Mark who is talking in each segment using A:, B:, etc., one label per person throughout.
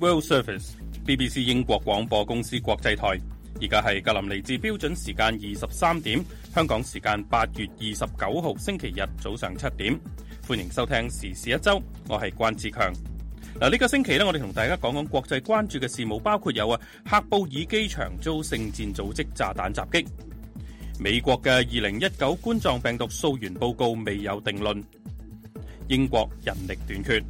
A: World Service，BBC 英國廣播公司國際台。而家係格林尼治標準時間二十三點，香港時間八月二十九號星期日早上七點。歡迎收聽時事一周，我係關志強。嗱，呢個星期咧，我哋同大家講講國際關注嘅事務，包括有啊，喀布爾機場遭聖戰組織炸彈襲擊，美國嘅二零一九冠狀病毒溯源報告未有定論，英國人力短缺。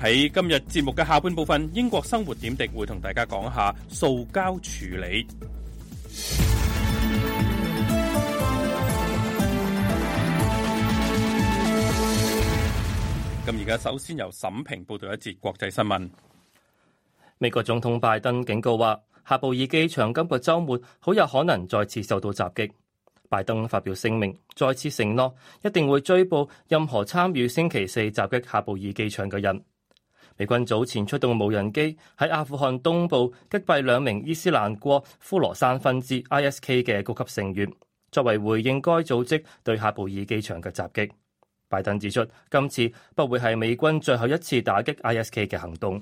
A: 喺今日節目嘅下半部分，英國生活點滴會同大家講下塑膠處理。咁而家首先由沈平報道一節國際新聞。美國總
B: 統拜登警告話，喀布爾機場今個周末好有可能再次受到襲擊。拜登發表聲明，再次承諾一定會追捕任何參與星期四襲擊喀布爾機場嘅人。美軍早前出動無人機喺阿富汗東部擊斃兩名伊斯蘭國呼羅山分支 （ISK） 嘅高級成員，作為回應該組織對喀布爾機場嘅襲擊。拜登指出，今次不會係美軍最後一次打擊 ISK 嘅行動。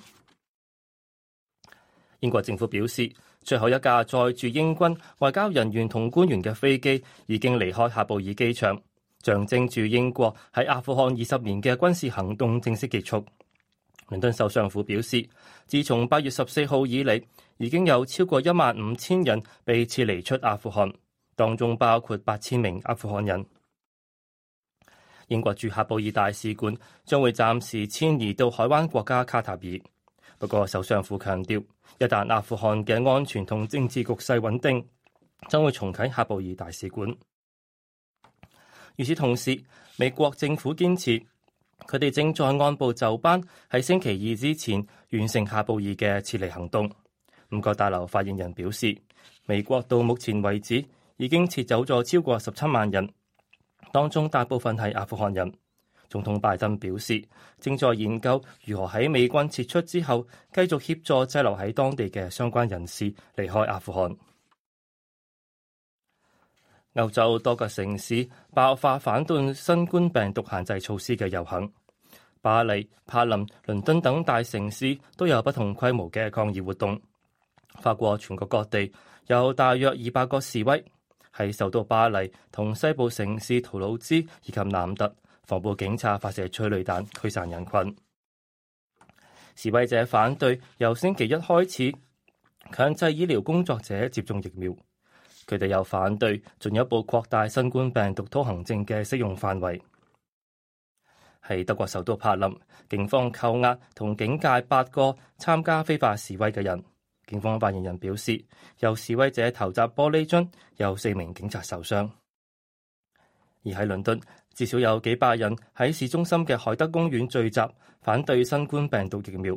B: 英國政府表示，最後一架載住英軍外交人員同官員嘅飛機已經離開喀布爾機場，象徵住英國喺阿富汗二十年嘅軍事行動正式結束。倫敦首相府表示，自從八月十四號以嚟，已經有超過一萬五千人被撤離出阿富汗，當中包括八千名阿富汗人。英國駐喀布爾大使館將會暫時遷移到海灣國家卡塔爾。不過，首相府強調，一旦阿富汗嘅安全同政治局勢穩定，將會重啟喀布爾大使館。與此同時，美國政府堅持，佢哋正在按部就班喺星期二之前完成喀布爾嘅撤離行動。五角大樓發言人表示，美國到目前為止已經撤走咗超過十七萬人，當中大部分係阿富汗人。總統拜登表示，正在研究如何喺美軍撤出之後，繼續協助滯留喺當地嘅相關人士離開阿富汗。歐洲多個城市爆發反對新冠病毒限制措施嘅遊行，巴黎、柏林、倫敦等大城市都有不同規模嘅抗議活動。法國全國各地有大約二百個示威，喺首都巴黎同西部城市圖盧茲以及南特，防暴警察發射催淚彈驅散人群。示威者反對由星期一開始強制醫療工作者接種疫苗。佢哋又反對進一步擴大新冠病毒通行證嘅適用範圍。喺德國首都柏林，警方扣押同警戒八個參加非法示威嘅人。警方發言人表示，有示威者投擲玻璃樽，有四名警察受傷。而喺倫敦，至少有幾百人喺市中心嘅海德公園聚集，反對新冠病毒疫苗。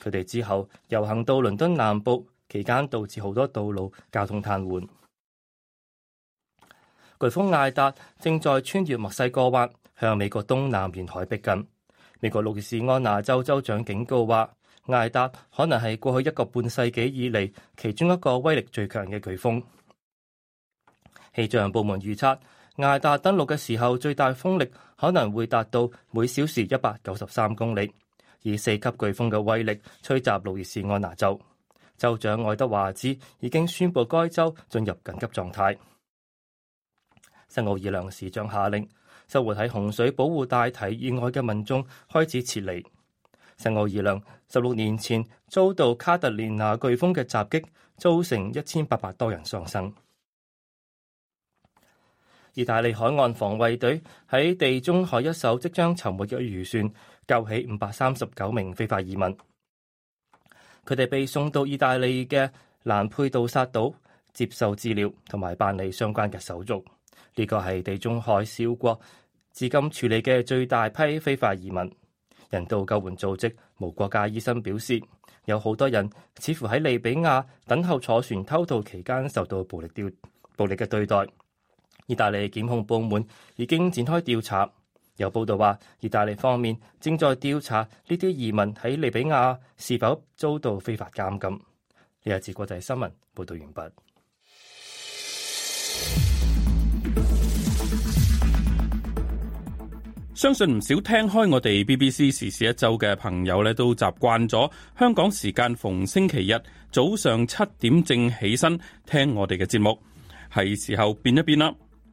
B: 佢哋之後遊行到倫敦南部，期間導致好多道路交通癱瘓。颶風艾達正在穿越墨西哥灣，向美國東南沿海逼近。美國路易斯安那州州長警告話，艾達可能係過去一個半世紀以嚟其中一個威力最強嘅颶風。氣象部門預測，艾達登陸嘅時候最大風力可能會達到每小時一百九十三公里，以四級颶風嘅威力吹襲路易斯安那州。州長愛德華茲已經宣布該州進入緊急狀態。新奧爾良市長下令，收活喺洪水保護大堤以外嘅民眾開始撤離。新奧爾良十六年前遭到卡特蓮娜颶風嘅襲擊，造成一千八百多人喪生。意大利海岸防衛隊喺地中海一艘即將沉沒嘅漁船救起五百三十九名非法移民，佢哋被送到意大利嘅蘭佩杜薩島接受治療，同埋辦理相關嘅手續。呢個係地中海小國至今處理嘅最大批非法移民。人道救援組織無國界醫生表示，有好多人似乎喺利比亞等候坐船偷渡期間受到暴力掉暴力嘅對待。意大利檢控部門已經展開調查。有報道話，意大利方面正在調查呢啲移民喺利比亞是否遭到非法監禁。呢一次國際新聞報道完畢。
A: 相信唔少聽開我哋 BBC 時事一周嘅朋友咧，都習慣咗香港時間逢星期日早上七點正起身聽我哋嘅節目，係時候變一變啦。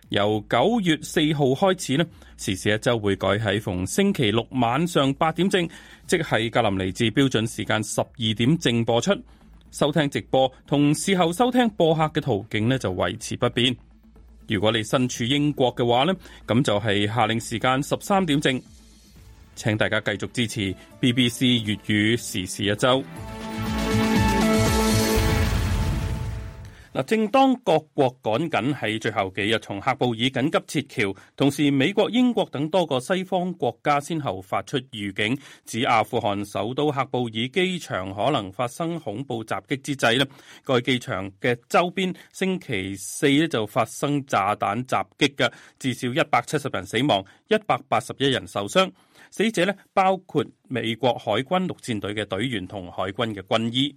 A: 由九月四號開始咧，時事一周會改喺逢星期六晚上八點正，即係格林尼治標準時間十二點正播出。收聽直播同事後收聽播客嘅途徑咧，就維持不變。如果你身處英國嘅話呢，咁就係夏令時間十三點正。請大家繼續支持 BBC 粵語時事一周。嗱，正當各國趕緊喺最後幾日從喀布爾緊急撤僑，同時美國、英國等多個西方國家先後發出預警，指阿富汗首都喀布爾機場可能發生恐怖襲擊之際咧，該機場嘅周邊星期四咧就發生炸彈襲擊嘅，至少一百七十人死亡，一百八十一人受傷，死者咧包括美國海軍陸戰隊嘅隊員同海軍嘅軍醫。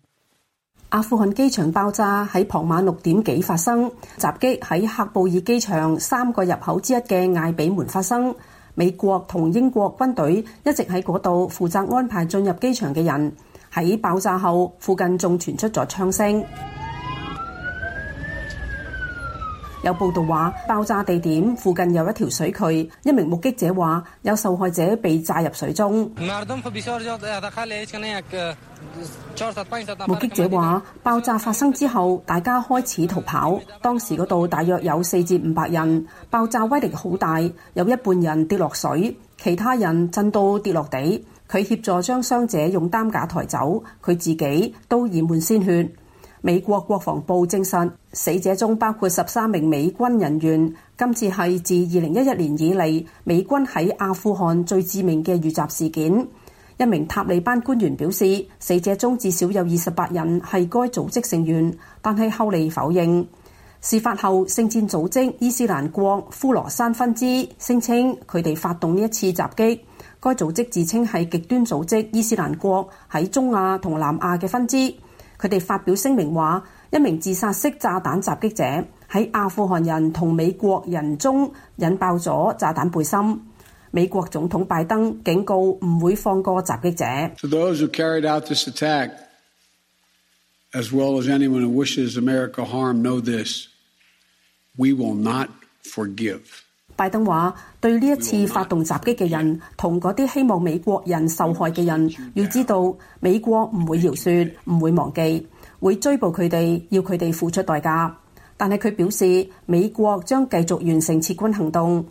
C: 阿富汗機場爆炸喺傍晚六點幾發生，襲擊喺喀布爾機場三個入口之一嘅艾比門發生。美國同英國軍隊一直喺嗰度負責安排進入機場嘅人，喺爆炸後附近仲傳出咗槍聲。有報道話，爆炸地點附近有一條水渠。一名目擊者話：有受害者被炸入水中。
B: 目擊者話：
C: 爆炸發生之後，大家開始逃跑。當時嗰度大約有四至五百人。爆炸威力好大，有一半人跌落水，其他人震到跌落地。佢協助將傷者用擔架抬走，佢自己都染滿鮮血。美國國防部證實，死者中包括十三名美軍人員。今次係自二零一一年以嚟，美軍喺阿富汗最致命嘅遇襲事件。一名塔利班官員表示，死者中至少有二十八人係該組織成員，但係後嚟否認。事發後，聖戰組織伊斯蘭國呼羅珊分支聲稱佢哋發動呢一次襲擊。該組織自稱係極端組織伊斯蘭國喺中亞同南亞嘅分支。佢哋發表聲明話，一名自殺式炸彈襲擊者喺阿富汗人同美國人中引爆咗炸彈背心。美國總統拜登警告唔會放過襲擊者。拜登話：對呢一次發動襲擊嘅人，同嗰啲希望美國人受害嘅人，要知道美國唔會饒恕，唔會忘記，會追捕佢哋，要佢哋付出代價。但係佢表示，美國將繼續完成撤軍行動。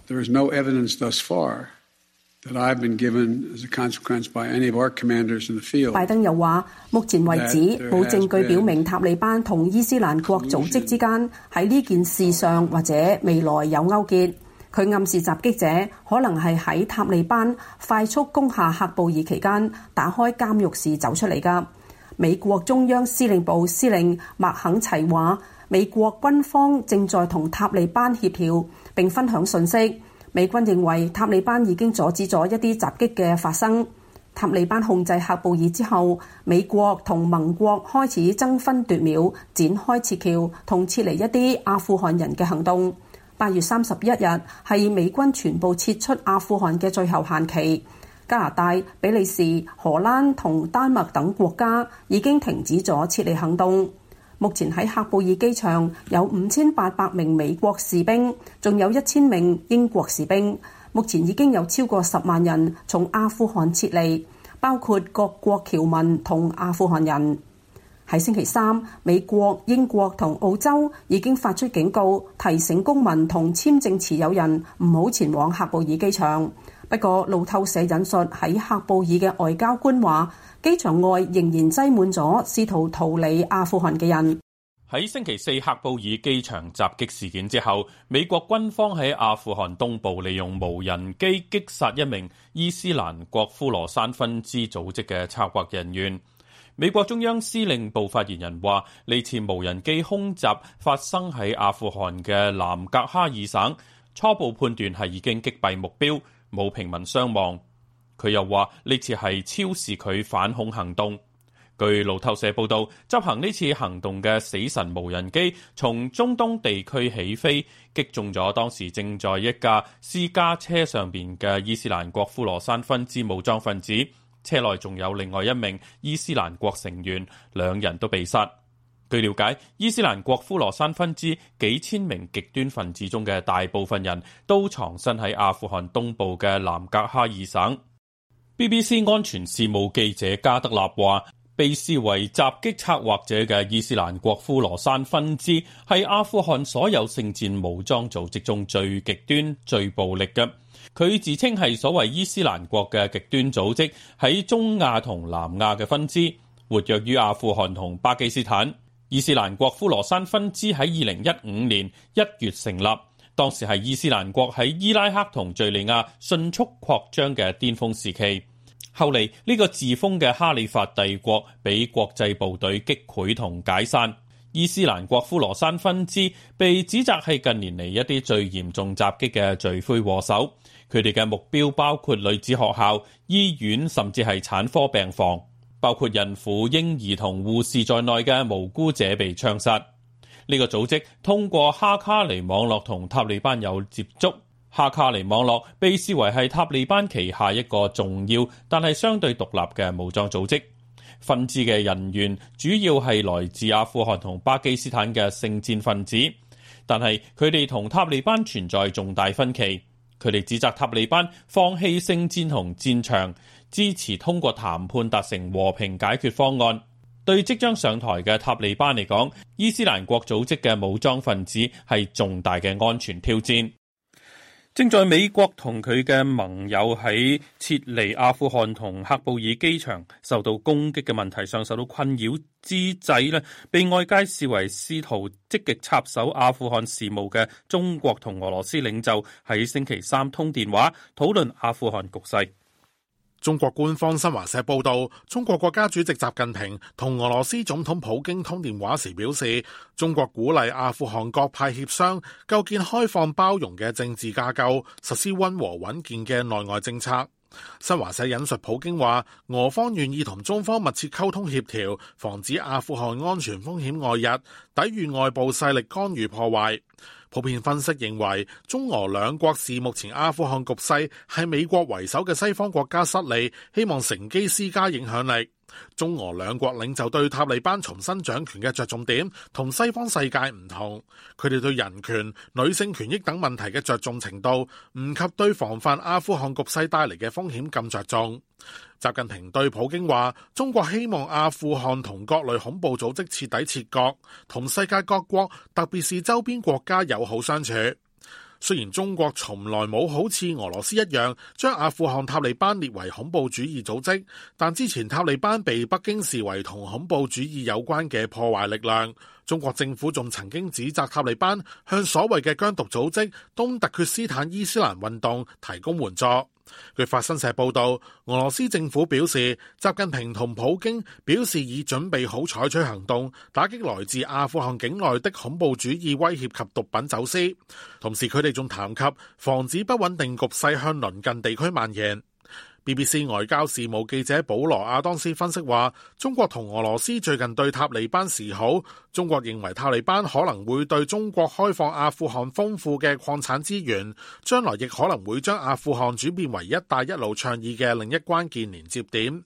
C: 拜登又話：目前為止冇證據表明塔利班同伊斯蘭國組織之間喺呢件事上或者未來有勾結。佢暗示襲擊者可能係喺塔利班快速攻下喀布爾期間打開監獄時走出嚟㗎。美國中央司令部司令麥肯齊話：美國軍方正在同塔利班協調並分享信息。美軍認為塔利班已經阻止咗一啲襲擊嘅發生。塔利班控制喀布爾之後，美國同盟國開始爭分奪秒展開撤僑同撤離一啲阿富汗人嘅行動。八月三十一日係美軍全部撤出阿富汗嘅最後限期。加拿大、比利時、荷蘭同丹麥等國家已經停止咗撤離行動。目前喺喀布爾機場有五千八百名美國士兵，仲有一千名英國士兵。目前已經有超過十萬人從阿富汗撤離，包括各國僑民同阿富汗人。喺星期三，美國、英國同澳洲已經發出警告，提醒公民同簽證持有人唔好前往喀布爾機場。不過路透社引述喺喀布爾嘅外交官話，機場外仍然擠滿咗試圖逃離阿富汗嘅人。
A: 喺星期四喀布爾機場襲擊事件之後，美國軍方喺阿富汗東部利用無人機擊殺一名伊斯蘭國夫羅山分支組織嘅策劃人員。美國中央司令部發言人話：呢次無人機空襲發生喺阿富汗嘅南格哈爾省，初步判斷係已經擊斃目標，冇平民傷亡。佢又話呢次係超視距反恐行動。據路透社報道，執行呢次行動嘅死神無人機從中東地區起飛，擊中咗當時正在一架私家車上邊嘅伊斯蘭國呼羅珊分支武裝分子。車內仲有另外一名伊斯蘭國成員，兩人都被殺。據了解，伊斯蘭國呼羅山分支幾千名極端分子中嘅大部分人都藏身喺阿富汗東部嘅南格哈爾省。BBC 安全事務記者加德納話，被視為襲擊策劃者嘅伊斯蘭國呼羅山分支係阿富汗所有聖戰武裝組織中最極端、最暴力嘅。佢自稱係所謂伊斯蘭國嘅極端組織喺中亞同南亞嘅分支，活躍於阿富汗同巴基斯坦。伊斯蘭國呼羅珊分支喺二零一五年一月成立，當時係伊斯蘭國喺伊拉克同敍利亞迅速擴張嘅巔峰時期。後嚟呢、這個自封嘅哈里發帝國被國際部隊擊潰同解散。伊斯蘭國呼羅珊分支被指責係近年嚟，一啲最嚴重襲擊嘅罪魁禍首，佢哋嘅目標包括女子學校，醫院，甚至係產科病房，包括孕婦、嬰兒同護士在內嘅無辜者被槍殺。呢個組織通過哈卡尼網絡同塔利班有接觸，哈卡尼網絡被視為係塔利班旗下一個重要但係相對獨立嘅武裝組織。分支嘅人員主要係來自阿富汗同巴基斯坦嘅聖戰分子，但係佢哋同塔利班存在重大分歧。佢哋指責塔利班放棄聖戰同戰場，支持通過談判達成和平解決方案。對即將上台嘅塔利班嚟講，伊斯蘭國組織嘅武裝分子係重大嘅安全挑戰。正在美國同佢嘅盟友喺撤離阿富汗同喀布爾機場受到攻擊嘅問題上受到困擾之際，呢被外界視為試圖積極插手阿富汗事務嘅中國同俄羅斯領袖喺星期三通電話討論阿富汗局勢。
D: 中國官方新華社報道，中國國家主席習近平同俄羅斯總統普京通電話時表示，中國鼓勵阿富汗各派協商，構建開放包容嘅政治架構，實施温和穩健嘅內外政策。新華社引述普京話，俄方願意同中方密切溝通協調，防止阿富汗安全風險外溢，抵御外部勢力干預破壞。普遍分析認為，中俄兩國視目前阿富汗局勢係美國為首嘅西方國家失利，希望乘機施加影響力。中俄兩國領袖對塔利班重新掌權嘅着重點，同西方世界唔同，佢哋對人權、女性權益等問題嘅着重程度，唔及對防範阿富汗局勢帶嚟嘅風險咁着重。習近平對普京話：中國希望阿富汗同各類恐怖組織徹底切割，同世界各國，特別是周邊國家友好相處。雖然中國從來冇好似俄羅斯一樣將阿富汗塔利班列為恐怖主義組織，但之前塔利班被北京視為同恐怖主義有關嘅破壞力量。中國政府仲曾經指責塔利班向所謂嘅疆獨組織東突厥斯坦伊斯蘭運動提供援助。據法新社報道，俄羅斯政府表示，習近平同普京表示已準備好採取行動，打擊來自阿富汗境內的恐怖主義威脅及毒品走私，同時，佢哋仲談及防止不穩定局勢向鄰近地區蔓延。BBC 外交事務記者保羅亞當斯分析話，中國同俄羅斯最近對塔利班示好，中國認為塔利班可能會對中國開放阿富汗豐富嘅礦產資源，將來亦可能會將阿富汗轉變為一帶一路倡議嘅另一關鍵連接點。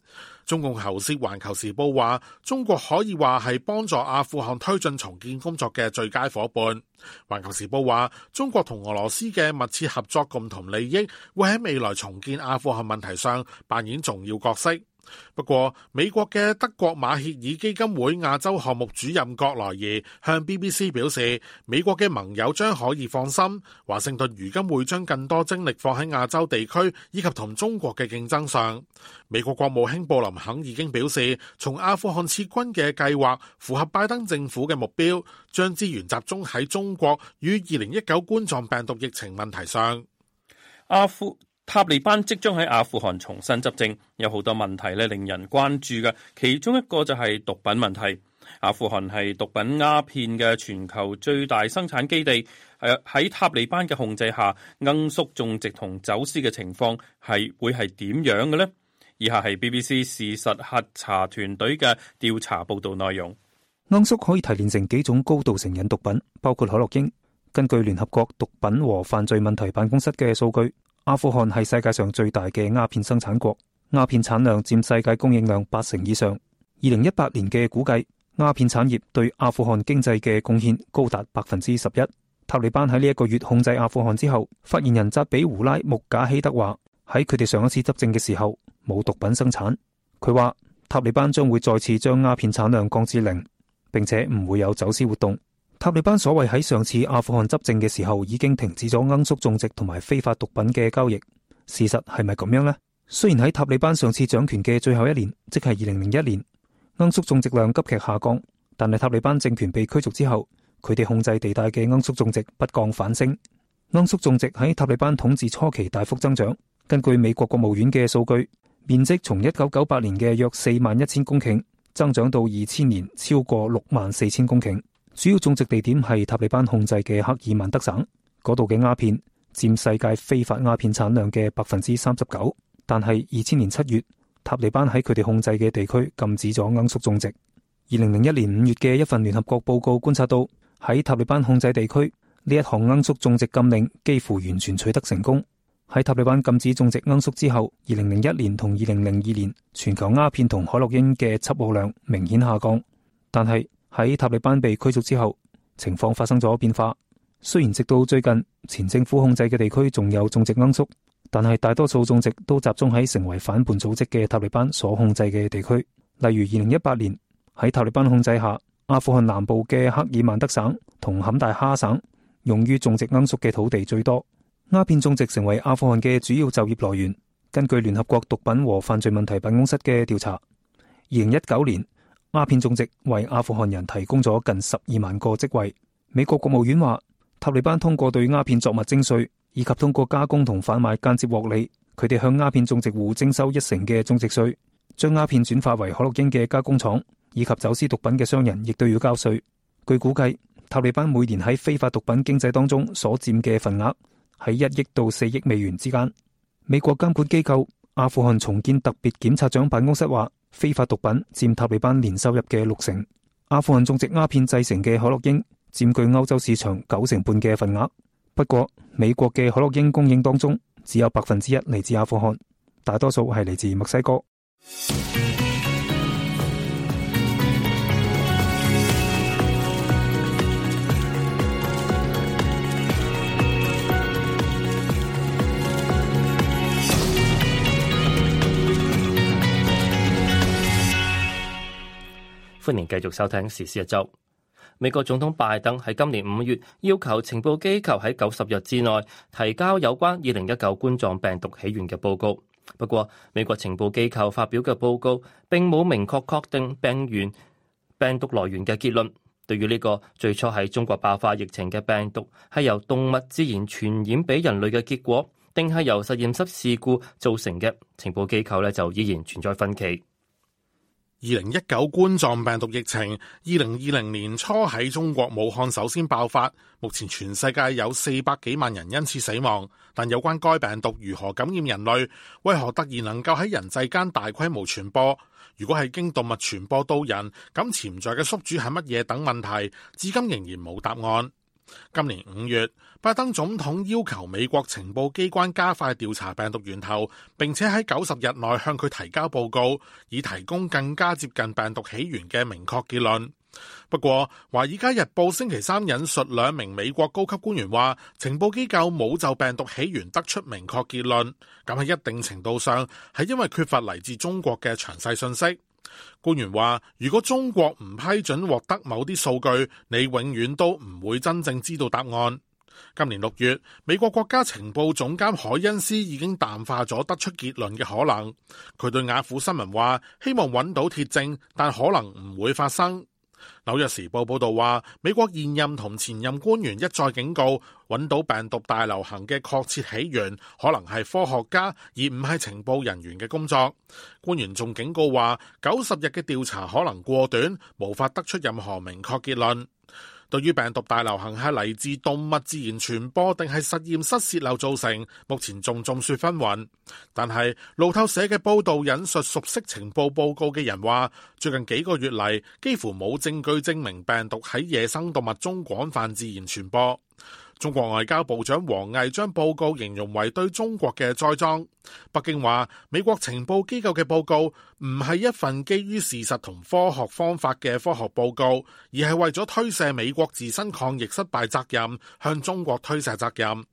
D: 中共喉舌《環球時報》話，中國可以話係幫助阿富汗推進重建工作嘅最佳夥伴。《環球時報》話，中國同俄羅斯嘅密切合作、共同利益，會喺未來重建阿富汗問題上扮演重要角色。不過，美國嘅德國馬歇爾基金會亞洲項目主任葛萊儀向 BBC 表示，美國嘅盟友將可以放心，華盛頓如今會將更多精力放喺亞洲地區以及同中國嘅競爭上。美國國務卿布林肯已經表示，從阿富汗撤軍嘅計劃符合拜登政府嘅目標，將資源集中喺中國與二零一九冠狀病毒疫情問題上。阿富。塔利班即將喺阿富汗重新執政，
A: 有好多問題咧，令人關注嘅。其中一個就係毒品問題。阿富汗係毒品鴉片嘅全球最大生產基地，喺、呃、塔利班嘅控制下，罌粟種植同走私嘅情況係會係點樣嘅呢？以下係 BBC 事實核查團隊嘅調查報道內容。
E: 罌粟可以提煉成幾種高度成癮毒品，包括可樂英。根據聯合國毒品和犯罪問題辦公室嘅數據，阿富汗係世界上最大嘅鴉片生產國，鴉片產量佔世界供應量八成以上。二零一八年嘅估計，鴉片產業對阿富汗經濟嘅貢獻高達百分之十一。塔利班喺呢一個月控制阿富汗之後，發言人扎比胡拉穆賈希德話：喺佢哋上一次執政嘅時候，冇毒品生產。佢話塔利班將會再次將鴉片產量降至零，並且唔會有走私活動。塔利班所謂喺上次阿富汗執政嘅時候已經停止咗罌粟種植同埋非法毒品嘅交易，事實係咪咁樣呢？雖然喺塔利班上次掌權嘅最後一年，即係二零零一年，罌粟種植量急劇下降，但係塔利班政權被驅逐之後，佢哋控制地帶嘅罌粟種植不降反升。罌粟種植喺塔利班統治初期大幅增長，根據美國國務院嘅數據，面積從一九九八年嘅約四萬一千公頃增長到二千年超過六萬四千公頃。主要種植地點係塔利班控制嘅赫爾曼德省，嗰度嘅鴉片佔世界非法鴉片產量嘅百分之三十九。但係二千年七月，塔利班喺佢哋控制嘅地區禁止咗罌粟種植。二零零一年五月嘅一份聯合國報告觀察到，喺塔利班控制地區呢一項罌粟種植禁令幾乎完全取得成功。喺塔利班禁止種植罌粟之後，二零零一年同二零零二年全球鴉片同海洛因嘅緝獲量明顯下降。但係，喺塔利班被驅逐之後，情況發生咗變化。雖然直到最近，前政府控制嘅地區仲有種植罌粟，但係大多數種植都集中喺成為反叛組織嘅塔利班所控制嘅地區。例如，二零一八年喺塔利班控制下，阿富汗南部嘅克爾曼德省同坎大哈省，用於種植罌粟嘅土地最多。鴉片種植成為阿富汗嘅主要就業來源。根據聯合國毒品和犯罪問題辦公室嘅調查，二零一九年。鴉片種植為阿富汗人提供咗近十二萬個職位。美國國務院話，塔利班通過對鴉片作物徵稅，以及通過加工同販賣間接獲利，佢哋向鴉片種植戶徵收一成嘅種植稅，將鴉片轉化為海洛因嘅加工廠，以及走私毒品嘅商人亦都要交稅。據估計，塔利班每年喺非法毒品經濟當中所占嘅份額喺一億到四億美元之間。美國監管機構阿富汗重建特別檢察長辦公室話。非法毒品佔塔利班年收入嘅六成。阿富汗種植鴉片製成嘅可樂英，佔據歐洲市場九成半嘅份額。不過，美國嘅可樂英供應當中，只有百分之一嚟自阿富汗，大多數係嚟自墨西哥。
B: 歡迎繼續收聽時事一周。美國總統拜登喺今年五月要求情報機構喺九十日之內提交有關二零一九冠狀病毒起源嘅報告。不過，美國情報機構發表嘅報告並冇明確確定病源、病毒來源嘅結論。對於呢個最初喺中國爆發疫情嘅病毒係由動物自然傳染俾人類嘅結果，定係由實驗室事故造成嘅，情報機構咧就依然存在分歧。
D: 二零一九冠狀病毒疫情，二零二零年初喺中國武漢首先爆發，目前全世界有四百幾萬人因此死亡。但有關該病毒如何感染人類、為何突然能夠喺人際間大規模傳播、如果係經動物傳播到人、咁潛在嘅宿主係乜嘢等問題，至今仍然冇答案。今年五月，拜登總統要求美國情報機關加快調查病毒源頭，並且喺九十日內向佢提交報告，以提供更加接近病毒起源嘅明確結論。不過，華爾街日報星期三引述兩名美國高級官員話，情報機構冇就病毒起源得出明確結論。咁喺一定程度上係因為缺乏嚟自中國嘅詳細信息。官員話：如果中國唔批准獲得某啲數據，你永遠都唔會真正知道答案。今年六月，美國國家情報總監海恩斯已經淡化咗得出結論嘅可能。佢對雅虎新聞話：希望揾到鐵證，但可能唔會發生。紐約時報報道話，美國現任同前任官員一再警告，搵到病毒大流行嘅確切起源，可能係科學家，而唔係情報人員嘅工作。官員仲警告話，九十日嘅調查可能過短，無法得出任何明確結論。對於病毒大流行係嚟自動物自然傳播定係實驗室洩漏造成，目前仲眾說紛紜。但係路透社嘅報導引述熟悉情報報告嘅人話，最近幾個月嚟，幾乎冇證據證明病毒喺野生動物中廣泛自然傳播。中國外交部長王毅將報告形容為對中國嘅栽贓。北京話，美國情報機構嘅報告唔係一份基於事實同科學方法嘅科學報告，而係為咗推卸美國自身抗疫失敗責任，向中國推卸責任。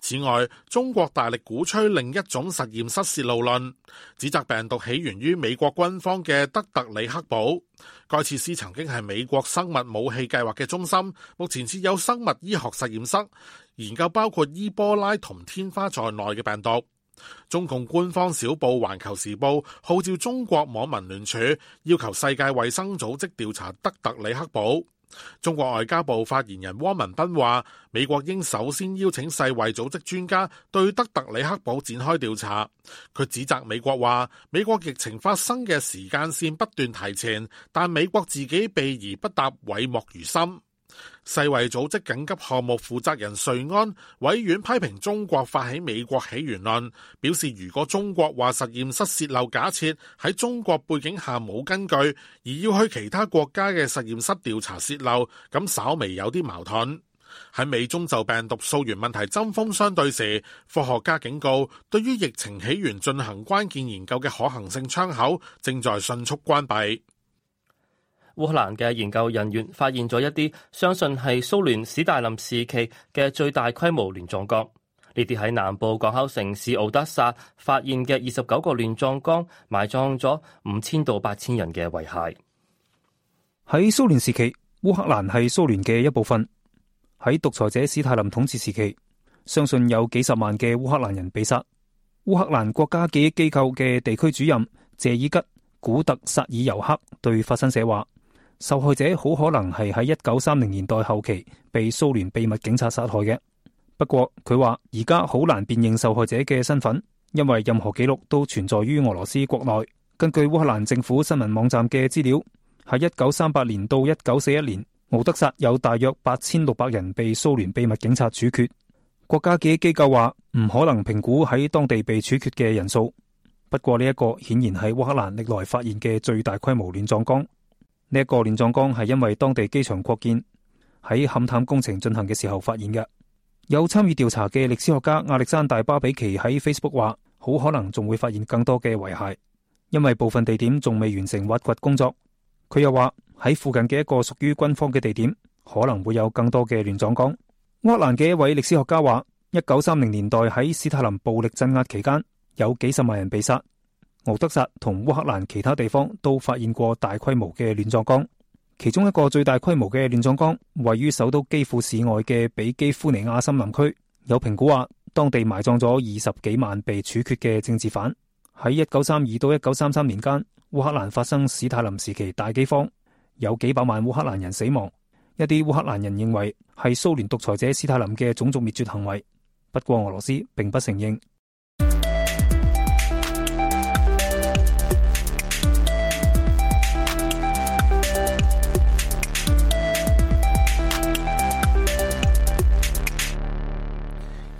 D: 此外，中國大力鼓吹另一種實驗室洩露論，指責病毒起源於美國軍方嘅德特里克堡。該設施曾經係美國生物武器計劃嘅中心，目前設有生物醫學實驗室，研究包括伊波拉同天花在內嘅病毒。中共官方小報《環球時報》號召中國網民聯署，要求世界衛生組織調查德特里克堡。中國外交部發言人汪文斌話，美國應首先邀請世衛組織專家對德特里克堡展開調查。佢指責美國話，美國疫情發生嘅時間線不斷提前，但美國自己避而不答，諱莫如深。世衛組織緊急項目負責人瑞安委員批評中國發起美國起源論，表示如果中國話實驗室洩漏假設喺中國背景下冇根據，而要去其他國家嘅實驗室調查洩漏，咁稍微有啲矛盾。喺美中就病毒溯源問題針鋒相對時，科學家警告，對於疫情起源進行關鍵研究嘅可行性窗口正在迅速關閉。烏克蘭嘅研究人員
B: 發現咗一啲相信係蘇聯史大林時期嘅最大規模亂葬崗。呢啲喺南部港口城市奧德薩發現嘅二十九個亂葬崗，
E: 埋葬咗五千到八千人嘅遺骸。喺蘇聯時期，烏克蘭係蘇聯嘅一部分。喺獨裁者史大林統治時期，相信有幾十萬嘅烏克蘭人被殺。烏克蘭國家記憶機構嘅地區主任謝爾吉古特薩爾尤克對法新社話，受害者好可能係喺一九三零年代後期被蘇聯秘密警察殺害嘅，不過佢話而家好難辨認受害者嘅身份，因為任何記錄都存在於俄羅斯國內。根據烏克蘭政府新聞網站嘅資料，喺一九三八年到一九四一年，奧德薩有大約八千六百人被蘇聯秘密警察處決。國家記憶機構話唔可能評估喺當地被處決嘅人數，不過呢一個顯然係烏克蘭歷來發現嘅最大規模亂葬崗。呢一個亂葬崗係因為當地機場擴建，喺勘探工程進行嘅時候發現嘅。有參與調查嘅歷史學家亞歷山大巴比奇喺 Facebook 話，好可能仲會發現更多嘅遺骸，因為部分地點仲未完成挖掘工作。佢又話，喺附近嘅一個屬於軍方嘅地點，可能會有更多嘅亂葬崗。烏克蘭嘅一位歷史學家話，一九三零年代喺史太林暴力鎮壓期間，有幾十萬人被殺。敖德薩同烏克蘭其他地方都發現過大規模嘅亂葬崗，其中一個最大規模嘅亂葬崗位於首都基輔市外嘅比基夫尼亞森林區，有評估話當地埋葬咗二十幾萬被處決嘅政治犯。喺一九三二到一九三三年間，烏克蘭發生史泰林時期大饑荒，有幾百萬烏克蘭人死亡。一啲烏克蘭人認為係蘇聯獨裁者史泰林嘅種族滅絕行為，不過俄羅斯並不承認。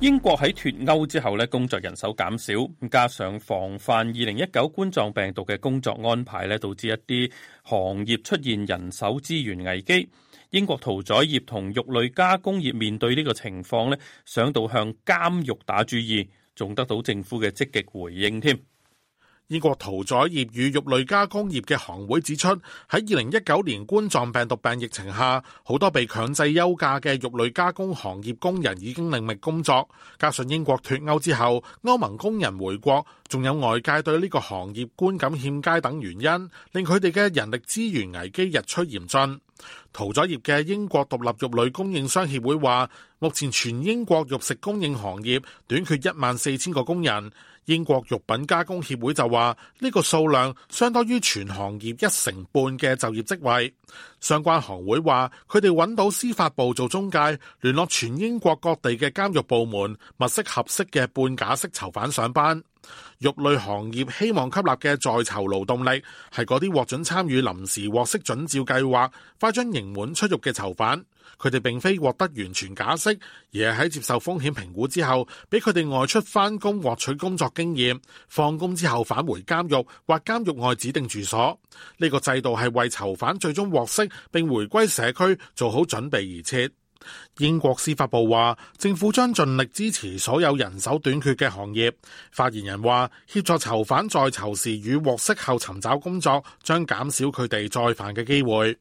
E: 英
A: 國喺脫歐之後咧，工作人手減少，加上防範二零一九冠狀病毒嘅工作安排咧，導致一啲行業出現人手資源危機。英國屠宰業同肉類加工業面對呢個情況咧，想到向
D: 監獄打主意，仲得到政府嘅積極回應添。英國屠宰業與肉類加工業嘅行會指出，喺二零一九年冠狀病毒病疫情下，好多被強制休假嘅肉類加工行業工人已經另覓工作。加上英國脱歐之後，歐盟工人回國，仲有外界對呢個行業觀感欠佳等原因，令佢哋嘅人力資源危機日趨嚴峻。屠宰業嘅英國獨立肉類供應商協會話，目前全英國肉食供應行業短缺一萬四千個工人。英國肉品加工協會就話，呢個數量相當於全行業一成半嘅就業職位。相關行會話，佢哋揾到司法部做中介，聯絡全英國各地嘅監獄部門，物色合適嘅半假釋囚犯上班。肉類行業希望吸納嘅在囚勞動力係嗰啲獲准參與臨時獲釋准照計劃，快將刑滿出獄嘅囚犯。佢哋並非獲得完全假釋，而係喺接受風險評估之後，俾佢哋外出翻工，獲取工作經驗。放工之後返回監獄或監獄外指定住所。呢個制度係為囚犯最終獲釋並回歸社區做好準備而設。英國司法部話，政府將盡力支持所有人手短缺嘅行業。發言人話，協助囚犯在囚時與獲釋後尋找工作，將減少佢哋再犯嘅機會。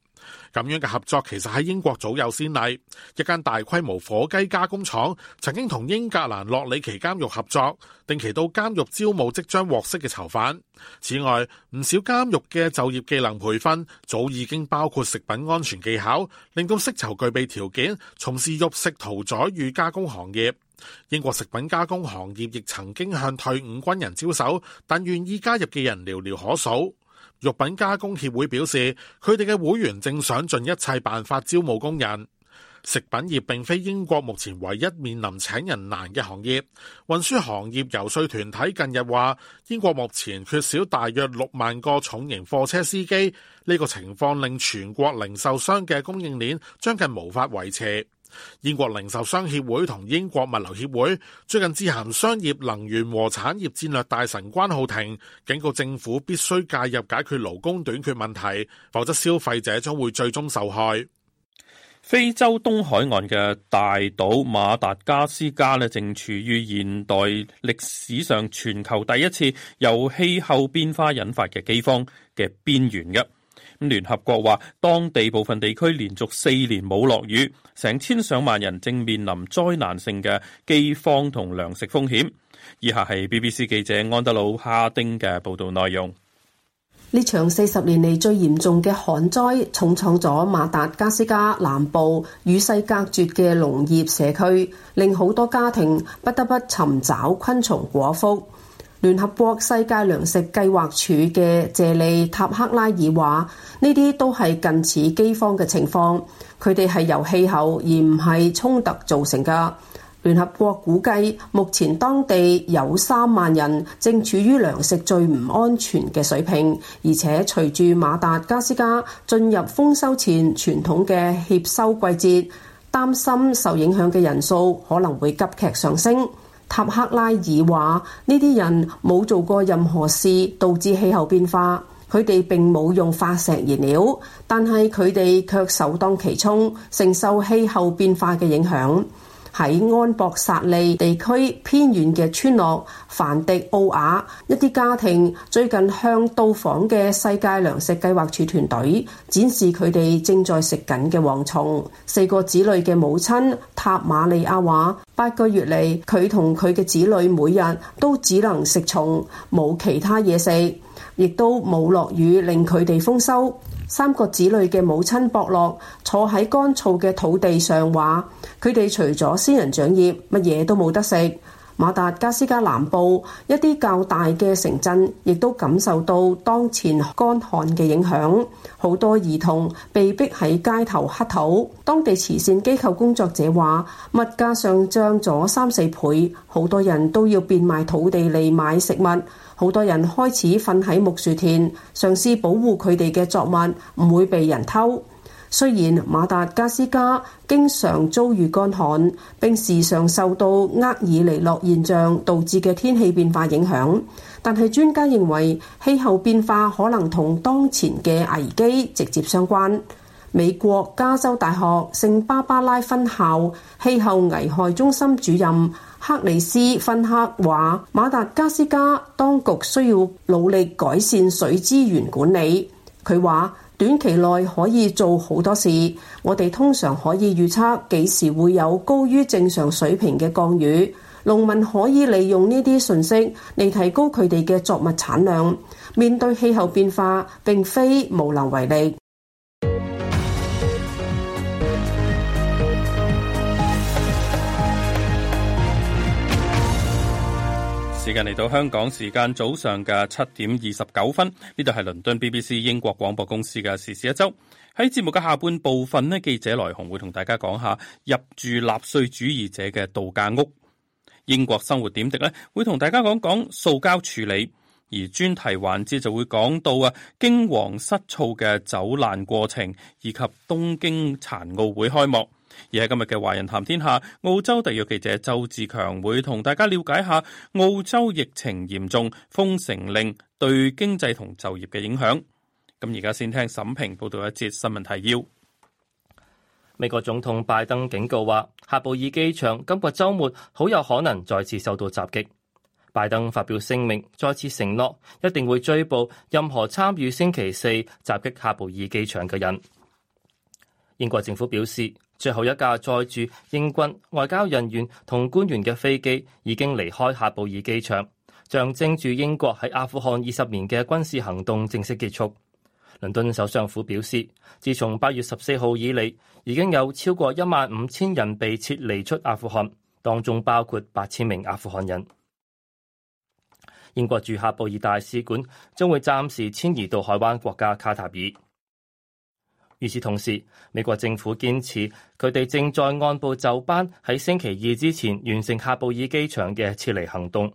D: 咁樣嘅合作其實喺英國早有先例，一間大規模火雞加工廠曾經同英格蘭諾里奇監獄合作，定期到監獄招募即將獲釋嘅囚犯。此外，唔少監獄嘅就業技能培訓早已經包括食品安全技巧，令到釋囚具備條件，從事肉食屠宰與加工行業。英國食品加工行業亦曾經向退伍軍人招手，但願意加入嘅人寥寥可數。肉品加工協會表示，佢哋嘅會員正想盡一切辦法招募工人。食品業並非英國目前唯一面臨請人難嘅行業。運輸行業遊說團體近日話，英國目前缺少大約六萬個重型貨車司機。呢個情況令全國零售商嘅供應鏈將近無法維持。英國零售商協會同英國物流協會最近致函商業能源和產業戰略大臣關浩庭，警告政府必須介入解決勞工短缺問題，否則消費者將會最終受害。非洲東海岸嘅大島馬達加斯加咧，正處
A: 於現代歷史上全球第一次由氣候變化引發嘅饑荒嘅邊緣嘅。聯合國話，當地部分地區連續四年冇落雨，成千上萬人正面臨災難性嘅饑荒同糧食風險。以下係 BBC 記者安德魯哈丁嘅報道內容：
C: 呢場四十年嚟最嚴重嘅旱災，重創咗馬達加斯加南部與世隔絕嘅農業社區，令好多家庭不得不尋找昆蟲果腹。聯合國世界糧食計劃署嘅謝利塔克拉爾話：呢啲都係近似饑荒嘅情況，佢哋係由氣候而唔係衝突造成嘅。聯合國估計，目前當地有三萬人正處於糧食最唔安全嘅水平，而且隨住馬達加斯加進入豐收前傳統嘅歉收季節，擔心受影響嘅人數可能會急劇上升。塔克拉爾話：呢啲人冇做過任何事導致氣候變化，佢哋並冇用化石燃料，但係佢哋卻首當其衝，承受氣候變化嘅影響。喺安博薩利地區偏遠嘅村落凡迪奧亞，一啲家庭最近向到訪嘅世界糧食計劃署團隊展示佢哋正在食緊嘅蝗蟲。四個子女嘅母親塔瑪利亞話：八個月嚟，佢同佢嘅子女每日都只能食蟲，冇其他嘢食，亦都冇落雨令佢哋豐收。三個子女嘅母親博洛坐喺乾燥嘅土地上話：佢哋除咗仙人掌葉，乜嘢都冇得食。馬達加斯加南部一啲較大嘅城鎮，亦都感受到當前乾旱嘅影響，好多兒童被逼喺街頭乞討。當地慈善機構工作者話：物價上漲咗三四倍，好多人都要變賣土地嚟買食物。好多人開始瞓喺木薯田，嘗試保護佢哋嘅作物唔會被人偷。雖然馬達加斯加經常遭遇乾旱，並時常受到厄爾尼諾現象導致嘅天氣變化影響，但係專家認為氣候變化可能同當前嘅危機直接相關。美國加州大學聖巴巴拉分校氣候危害中心主任，克里斯芬克話：馬達加斯加當局需要努力改善水資源管理。佢話：短期內可以做好多事。我哋通常可以預測幾時會有高於正常水平嘅降雨，農民可以利用呢啲信息嚟提高佢哋嘅作物產量。面對氣候變化，並非無能為力。
A: 時間嚟到香港時間早上嘅七點二十九分，呢度係倫敦 BBC 英國廣播公司嘅時事一周。喺節目嘅下半部分呢，記者來鴻會同大家講下入住納粹主義者嘅度假屋。英國生活點滴呢，會同大家講講塑膠處理，而專題環節就會講到啊驚惶失措嘅走難過程，以及東京殘奧會開幕。而喺今日嘅《華人談天下》，澳洲特約記者周志強會同大家了解下澳洲疫情嚴重封城令對經濟同就業嘅影響。咁而家先聽沈平報道一節新聞提要。
B: 美國總統拜登警告話，喀布爾機場今個周末好有可能再次受到襲擊。拜登發表聲明，再次承諾一定會追捕任何參與星期四襲擊喀布爾機場嘅人。英國政府表示。最後一架載住英軍、外交人員同官員嘅飛機已經離開喀布爾機場，象徵住英國喺阿富汗二十年嘅軍事行動正式結束。倫敦首相府表示，自從八月十四號以嚟，已經有超過一萬五千人被撤離出阿富汗，當中包括八千名阿富汗人。英國駐喀布爾大使館將會暫時遷移到海灣國家卡塔爾。與此同時，美國政府堅持佢哋正在按部就班，喺星期二之前完成喀布爾機場嘅撤離行動。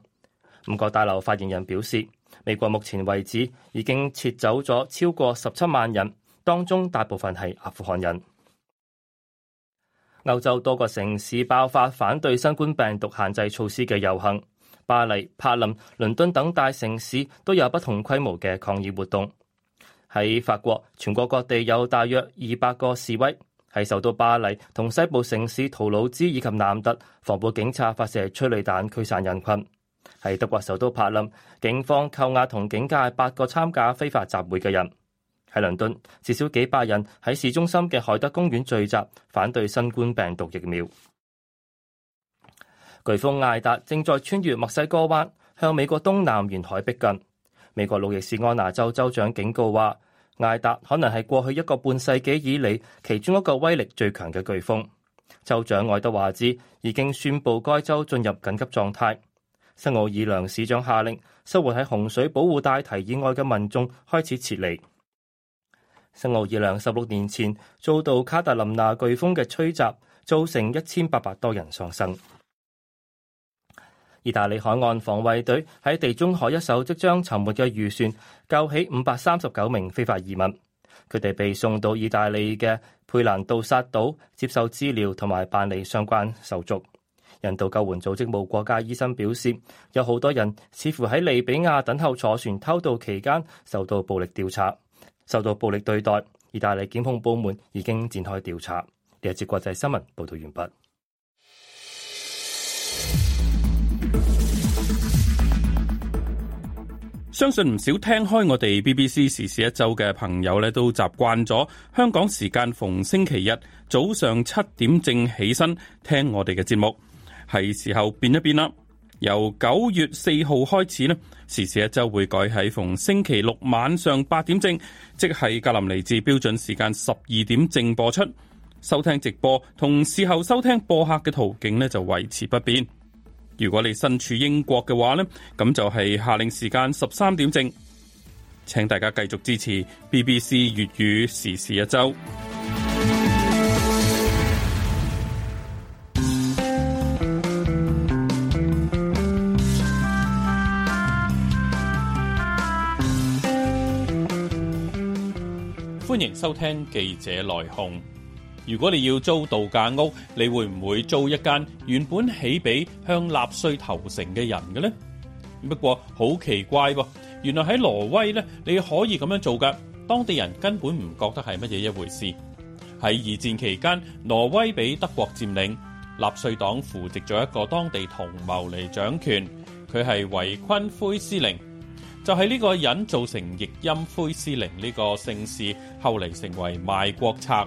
B: 五角大樓發言人表示，美國目前為止已經撤走咗超過十七萬人，當中大部分係阿富汗人。歐洲多個城市爆發反對新冠病毒限制措施嘅遊行，巴黎、柏林、倫敦等大城市都有不同規模嘅抗議活動。喺法國全國各地有大約二百個示威，係受到巴黎同西部城市圖魯茲以及南特防暴警察發射催淚彈驅散人群。喺德國首都柏林，警方扣押同警戒八個參加非法集會嘅人。喺倫敦，至少幾百人喺市中心嘅海德公園聚集，反對新冠病毒疫苗。颶風艾達正在穿越墨西哥灣，向美國東南沿海逼近。美國路易士安那州州長警告話，艾達可能係過去一個半世紀以嚟其中一個威力最強嘅颶風。州長愛德華茲已經宣布該州進入緊急狀態。新奧爾良市長下令，生活喺洪水保護大堤以外嘅民眾開始撤離。新奧爾良十六年前遭到卡特琳娜颶風嘅吹襲，造成一千八百多人喪生。意大利海岸防衛隊喺地中海一艘即將沉沒嘅漁船救起五百三十九名非法移民，佢哋被送到意大利嘅佩蘭杜薩島接受治療同埋辦理相關手續。人道救援組織無國界醫生表示，有好多人似乎喺利比亞等候坐船偷渡期間受到暴力調查、受到暴力對待。意大利檢控部門已經展開調查。呢一節國際新聞報道完畢。
A: 相信唔少聽開我哋 BBC 時事一周嘅朋友咧，都習慣咗香港時間逢星期日早上七點正起身聽我哋嘅節目，係時候變一變啦。由九月四號開始咧，時事一周會改喺逢星期六晚上八點正，即係格林尼治標準時間十二點正播出。收聽直播同事後收聽播客嘅途徑咧，就維持不變。如果你身處英國嘅話呢，咁就係夏令時間十三點正。請大家繼續支持 BBC 粵語時事一周。歡迎收聽記者來鴻。如果你要租度假屋，你會唔會租一間原本起俾向納粹投誠嘅人嘅呢？不過好奇怪，原來喺挪威呢，你可以咁樣做噶。當地人根本唔覺得係乜嘢一回事。喺二戰期間，挪威俾德國佔領，納粹黨扶植咗一個當地同謀嚟掌權，佢係維坤灰斯靈，就係、是、呢個人造成譯音灰斯靈呢個姓氏，後嚟成為賣國賊。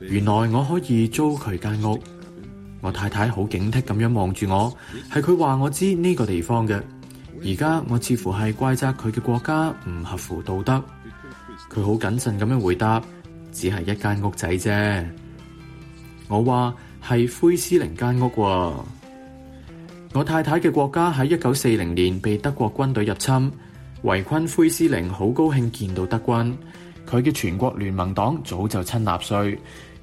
F: 原來我可以租佢間屋。我太太好警惕咁樣望住我，係佢話我知呢個地方嘅。而家我似乎係怪責佢嘅國家唔合乎道德。佢好謹慎咁樣回答，只係一間屋仔啫。我話係灰斯靈間屋。我太太嘅國家喺一九四零年被德國軍隊入侵，圍困灰斯靈。好高興見到德軍，佢嘅全國聯盟黨早就親納粹。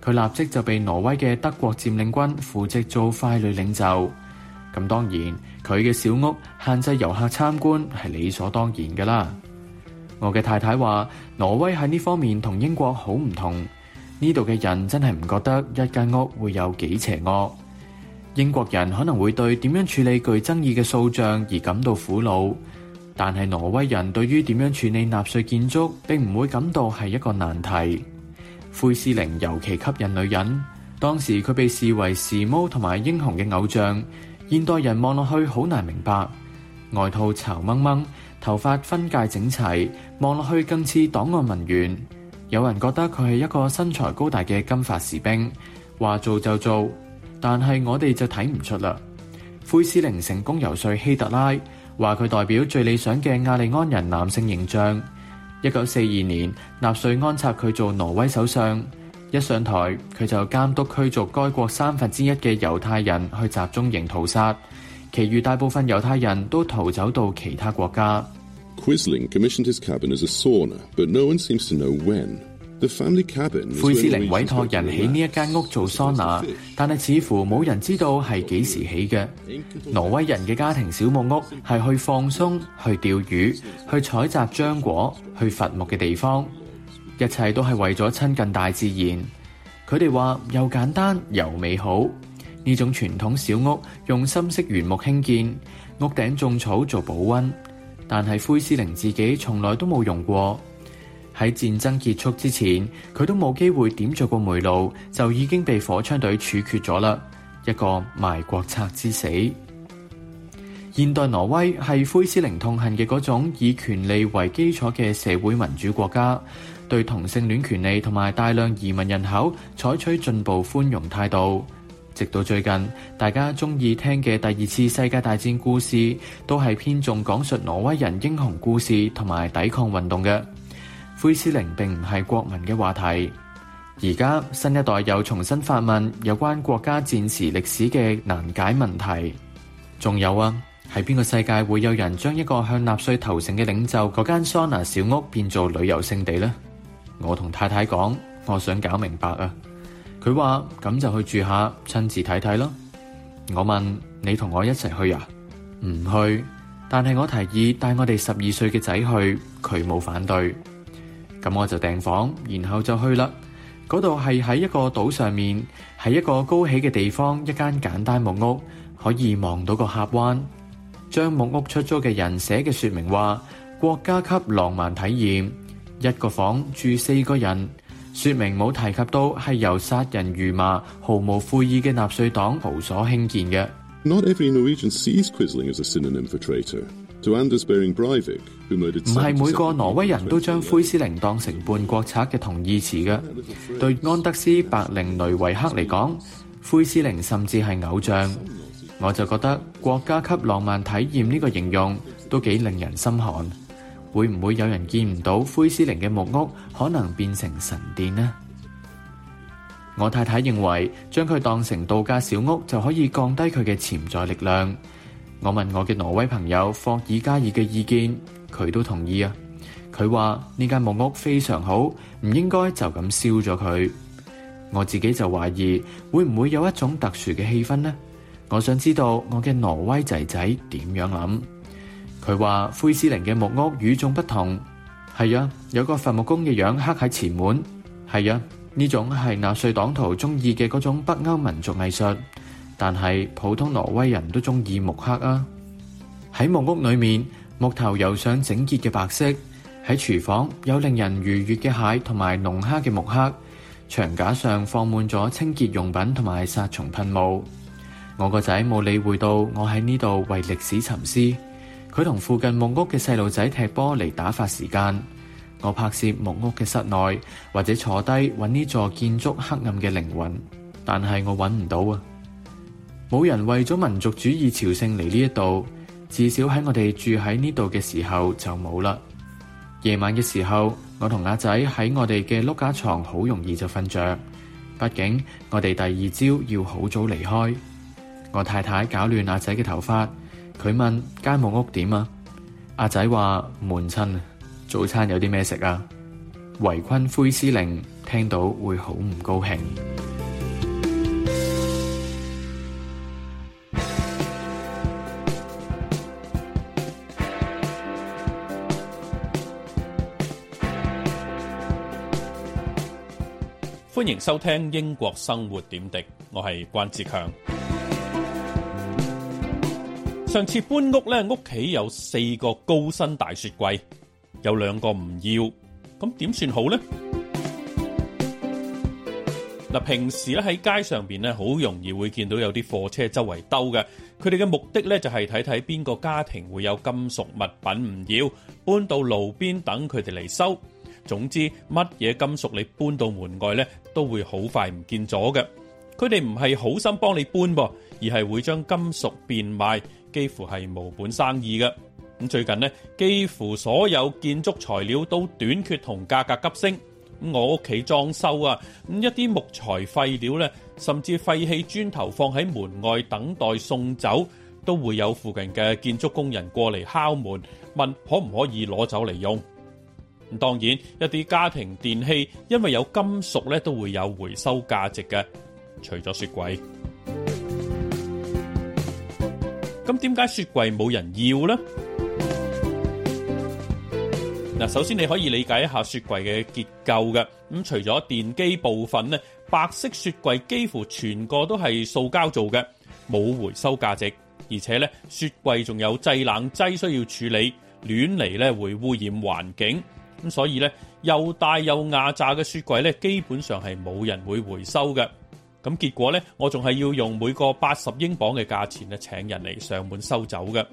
F: 佢立即就被挪威嘅德國佔領軍扶植做傀儡領袖。咁當然，佢嘅小屋限制遊客參觀係理所當然噶啦。我嘅太太話，挪威喺呢方面同英國好唔同。呢度嘅人真係唔覺得一間屋會有幾邪惡。英國人可能會對點樣處理具爭議嘅塑像，而感到苦惱，但係挪威人對於點樣處理納粹建築，並唔會感到係一個難題。灰斯靈尤其吸引女人，當時佢被視為時髦同埋英雄嘅偶像。現代人望落去好難明白，外套巢掹掹，頭髮分界整齊，望落去更似檔案文員。有人覺得佢係一個身材高大嘅金髮士兵，話做就做，但係我哋就睇唔出啦。灰斯靈成功游說希特拉，話佢代表最理想嘅亞利安人男性形象。一九四二年，納粹安插佢做挪威首相。一上台，佢就監督驅逐該國三分之一嘅猶太人去集中營屠殺，其餘大部分猶太人都逃走到其他國家。灰斯玲委託人起呢一間屋做桑拿，但係似乎冇人知道係幾時起嘅。挪威人嘅家庭小木屋係去放鬆、去釣魚、去採集漿果、去伐木嘅地方，一切都係為咗親近大自然。佢哋話又簡單又美好。呢種傳統小屋用深色原木興建，屋頂種草做保溫，但係灰斯玲自己從來都冇用過。喺戰爭結束之前，佢都冇機會點着過煤爐，就已經被火槍隊處決咗啦。一個賣國賊之死。現代挪威係灰斯靈痛恨嘅嗰種以權利為基礎嘅社會民主國家，對同性戀權利同埋大量移民人口採取進步寬容態度。直到最近，大家中意聽嘅第二次世界大戰故事都係偏重講述挪威人英雄故事同埋抵抗運動嘅。灰斯靈並唔係國民嘅話題。而家新一代又重新發問有關國家戰時歷史嘅難解問題。仲有啊，喺邊個世界會有人將一個向納粹投誠嘅領袖嗰間桑拿小屋變做旅遊勝地呢？我同太太講，我想搞明白啊。佢話，咁就去住下，親自睇睇咯。我問，你同我一齊去啊？唔去，但係我提議帶我哋十二歲嘅仔去，佢冇反對。咁我就訂房，然後就去啦。嗰度係喺一個島上面，係一個高起嘅地方，一間簡單木屋，可以望到個峽灣。將木屋出租嘅人寫嘅說明話，國家級浪漫體驗，一個房住四個人。說明冇提及到係由殺人如麻、毫無悔意嘅納粹黨豪所興建嘅。
D: Not every 唔係每個挪威
F: 人都將灰斯靈當成叛國賊嘅同義詞嘅。對安德斯·白靈·雷維克嚟講，灰斯靈甚至係偶像。我就覺得國家級浪漫體驗呢個形容都幾令人心寒。會唔會有人見唔到灰斯靈嘅木屋可能變成神殿呢？我太太認為將佢當成度假小屋就可以降低佢嘅潛在力量。我問我嘅挪威朋友霍爾加爾嘅意見，佢都同意啊。佢話呢間木屋非常好，唔應該就咁燒咗佢。我自己就懷疑會唔會有一種特殊嘅氣氛呢？我想知道我嘅挪威仔仔點樣諗。佢話灰斯靈嘅木屋與眾不同，係啊，有個伐木工嘅樣刻喺前門，係啊，呢種係納粹黨徒中意嘅嗰種北歐民族藝術。但係普通挪威人都中意木刻啊。喺木屋裏面，木頭油上整潔嘅白色。喺廚房有令人愉悅嘅蟹同埋龍蝦嘅木刻；牆架上放滿咗清潔用品同埋殺蟲噴霧。我個仔冇理會到我喺呢度為歷史沉思。佢同附近木屋嘅細路仔踢波嚟打發時間。我拍攝木屋嘅室內或者坐低揾呢座建築黑暗嘅靈魂，但係我揾唔到啊。冇人為咗民族主義朝聖嚟呢一度，至少喺我哋住喺呢度嘅時候就冇啦。夜晚嘅時候，我同阿仔喺我哋嘅碌架床好容易就瞓着，畢竟我哋第二朝要好早離開。我太太搞亂阿仔嘅頭髮，佢問度假屋點啊？阿仔話悶親，早餐有啲咩食啊？圍困灰司令聽到會好唔高興。
A: 歡迎收聽英國生活點滴，我係關志強。上次搬屋咧，屋企有四個高身大雪櫃，有兩個唔要，咁點算好呢？嗱，平時咧喺街上邊咧，好容易會見到有啲貨車周圍兜嘅，佢哋嘅目的咧就係睇睇邊個家庭會有金屬物品唔要，搬到路邊等佢哋嚟收。總之，乜嘢金屬你搬到門外咧，都會好快唔見咗嘅。佢哋唔係好心幫你搬，而係會將金屬變賣，幾乎係無本生意嘅。咁最近咧，幾乎所有建築材料都短缺同價格急升。我屋企裝修啊，咁一啲木材廢料咧，甚至廢棄磚頭放喺門外等待送走，都會有附近嘅建築工人過嚟敲門，問可唔可以攞走嚟用。當然，一啲家庭電器因為有金屬咧，都會有回收價值嘅。除咗雪櫃，咁點解雪櫃冇人要呢？嗱，首先你可以理解一下雪櫃嘅結構嘅。咁除咗電機部分咧，白色雪櫃幾乎全個都係塑膠做嘅，冇回收價值。而且咧，雪櫃仲有製冷劑需要處理，亂嚟咧會污染環境。咁所以呢，又大又壓榨嘅雪櫃呢，基本上係冇人會回收嘅。咁結果呢，我仲係要用每個八十英鎊嘅價錢呢，請人嚟上門收走嘅。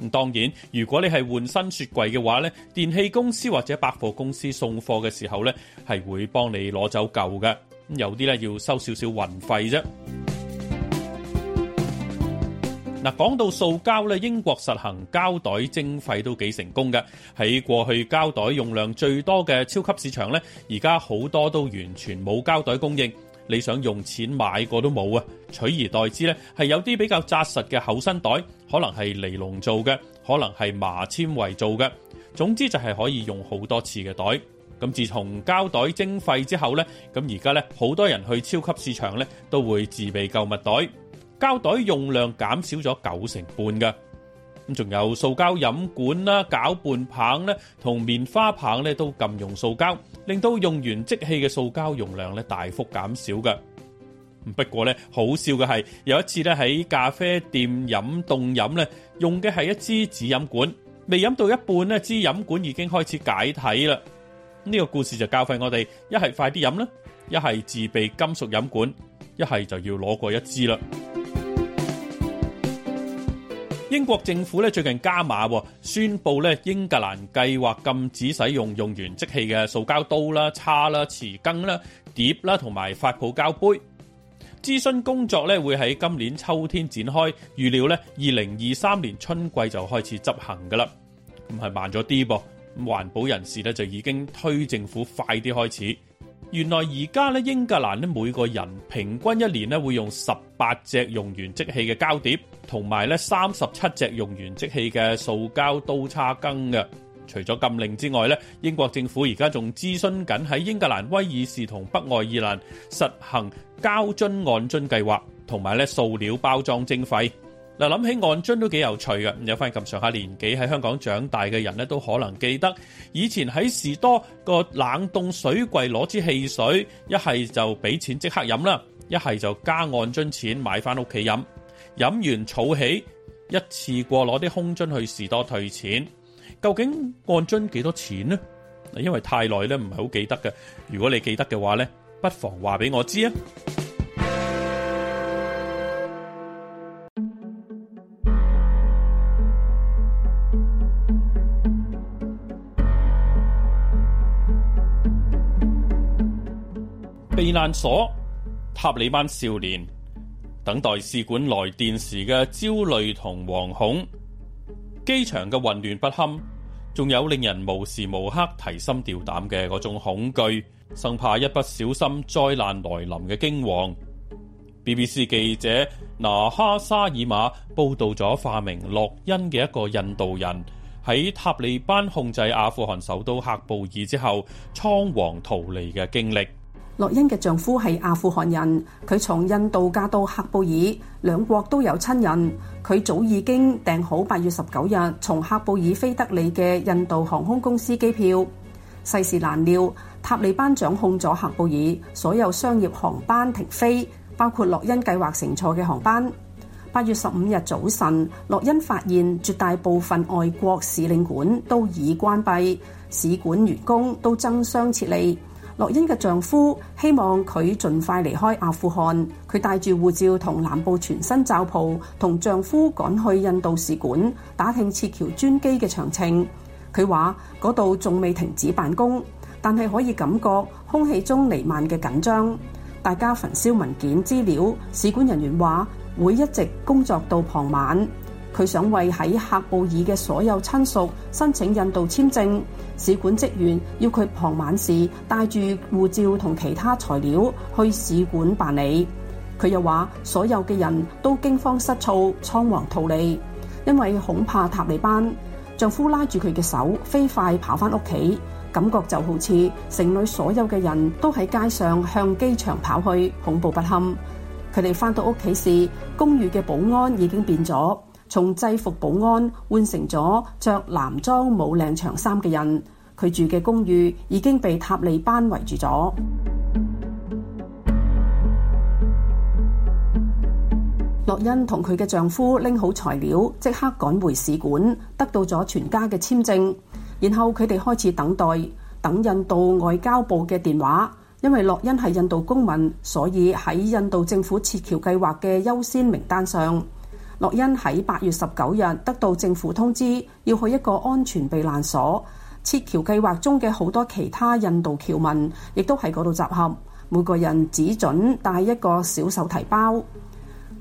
A: 咁當然，如果你係換新雪櫃嘅話呢，電器公司或者百貨公司送貨嘅時候呢，係會幫你攞走舊嘅。咁有啲呢，要收少少運費啫。嗱，講到塑膠咧，英國實行膠袋徵費都幾成功嘅。喺過去膠袋用量最多嘅超級市場咧，而家好多都完全冇膠袋供應。你想用錢買過都冇啊！取而代之咧，係有啲比較紮實嘅厚身袋，可能係尼龍做嘅，可能係麻纖維做嘅。總之就係可以用好多次嘅袋。咁自從膠袋徵費之後咧，咁而家咧好多人去超級市場咧都會自備購物袋。膠袋用量減少咗九成半嘅。咁仲有塑膠飲管啦、攪拌棒咧、同棉花棒咧都禁用塑膠，令到用完即棄嘅塑膠容量咧大幅減少嘅。不過咧好笑嘅係，有一次咧喺咖啡店飲凍飲咧，用嘅係一支紙飲管，未飲到一半咧，支飲管已經開始解體啦。呢個故事就教訓我哋，一係快啲飲啦，一係自備金屬飲管，一係就要攞過一支啦。英國政府咧最近加碼，宣布咧英格蘭計劃禁止使用用完即棄嘅塑膠刀啦、叉啦、匙羹啦、碟啦同埋發泡膠杯。諮詢工作咧會喺今年秋天展開，預料咧二零二三年春季就開始執行㗎喇，咁係慢咗啲噃。環保人士咧就已經推政府快啲開始。原來而家咧，英格蘭咧每個人平均一年咧會用十八隻用完即棄嘅膠碟，同埋咧三十七隻用完即棄嘅塑膠刀叉羹嘅。除咗禁令之外咧，英國政府而家仲諮詢緊喺英格蘭、威爾士同北愛爾蘭實行膠樽按樽計劃，同埋咧塑料包裝徵費。嗱，諗起按樽都幾有趣嘅，有翻咁上下年紀喺香港長大嘅人咧，都可能記得以前喺士多個冷凍水櫃攞支汽水，一係就俾錢即刻飲啦，一係就加按樽錢買翻屋企飲，飲完儲起一次過攞啲空樽去士多退錢。究竟按樽幾多錢呢？因為太耐咧，唔係好記得嘅。如果你記得嘅話咧，不妨話俾我知啊！避難所塔利班少年等待使館來電時嘅焦慮同惶恐，機場嘅混亂不堪，仲有令人無時無刻提心吊膽嘅嗰種恐懼，生怕一不小心災難來臨嘅驚惶。BBC 記者拿哈沙爾馬報道咗化名洛恩嘅一個印度人喺塔利班控制阿富汗首都喀布爾之後倉皇逃離嘅經歷。
C: 洛恩嘅丈夫係阿富汗人，佢從印度嫁到喀布爾，兩國都有親人。佢早已經訂好八月十九日從喀布爾飛德里嘅印度航空公司機票。世事難料，塔利班掌控咗喀布爾，所有商業航班停飛，包括洛恩計劃乘坐嘅航班。八月十五日早晨，洛恩發現絕大部分外國使領館都已關閉，使館員工都爭相撤離。洛英嘅丈夫希望佢盡快離開阿富汗。佢帶住護照同南部全身罩袍，同丈夫趕去印度使館打聽撤僑專機嘅詳情。佢話：嗰度仲未停止辦公，但係可以感覺空氣中瀰漫嘅緊張，大家焚燒文件資料。使館人員話會一直工作到傍晚。佢想為喺喀布爾嘅所有親屬申請印度簽證。使館職員要佢傍晚時帶住護照同其他材料去使館辦理。佢又話，所有嘅人都驚慌失措，倉皇逃離，因為恐怕塔利班。丈夫拉住佢嘅手，飛快跑返屋企，感覺就好似城裏所有嘅人都喺街上向機場跑去，恐怖不堪。佢哋返到屋企時，公寓嘅保安已經變咗。從制服保安換成咗着男裝冇領長衫嘅人，佢住嘅公寓已經被塔利班圍住咗。 洛恩同佢嘅丈夫拎好材料，即刻趕回使館，得到咗全家嘅簽證，然後佢哋開始等待，等印度外交部嘅電話，因為洛恩係印度公民，所以喺印度政府撤僑計劃嘅優先名單上。洛恩喺八月十九日得到政府通知，要去一個安全避難所。撤僑計劃中嘅好多其他印度僑民，亦都喺嗰度集合。每個人只准帶一個小手提包。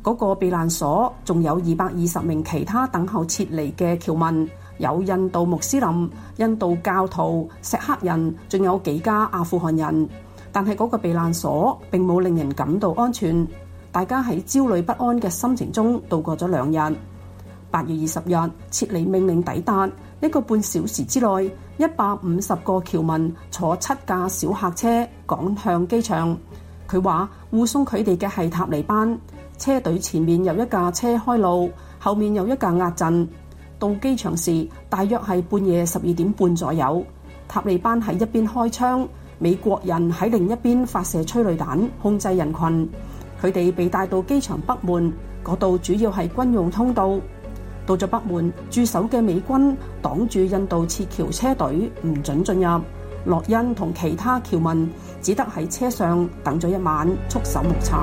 C: 嗰個避難所仲有二百二十名其他等候撤離嘅僑民，有印度穆斯林、印度教徒、錫克人，仲有幾家阿富汗人。但係嗰個避難所並冇令人感到安全。大家喺焦慮不安嘅心情中度過咗兩日，日。八月二十日，撤離命令抵達，一個半小時之內，一百五十個僑民坐七架小客車趕向機場。佢話，護送佢哋嘅係塔利班車隊，前面有一架車開路，後面有一架壓陣。到機場時，大約係半夜十二點半左右。塔利班喺一邊開槍，美國人喺另一邊發射催淚彈，控制人群。佢哋被帶到機場北門，嗰度主要係軍用通道。到咗北門，駐守嘅美軍擋住印度撤僑車隊，唔准進入。洛恩同其他僑民只得喺車上等咗一晚，束手無策。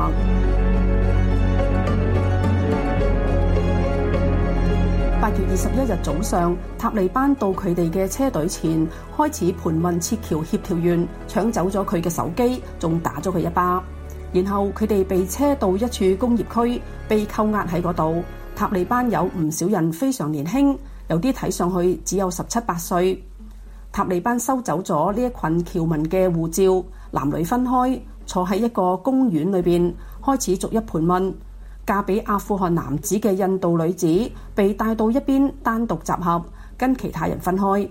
C: 八月二十一日早上，塔利班到佢哋嘅車隊前，開始盤問撤僑協調員，搶走咗佢嘅手機，仲打咗佢一巴。然後佢哋被車到一處工業區，被扣押喺嗰度。塔利班有唔少人非常年輕，有啲睇上去只有十七八歲。塔利班收走咗呢一群僑民嘅護照，男女分開坐喺一個公園裏邊，開始逐一盤問，嫁俾阿富汗男子嘅印度女子，被帶到一邊單獨集合，跟其他人分開。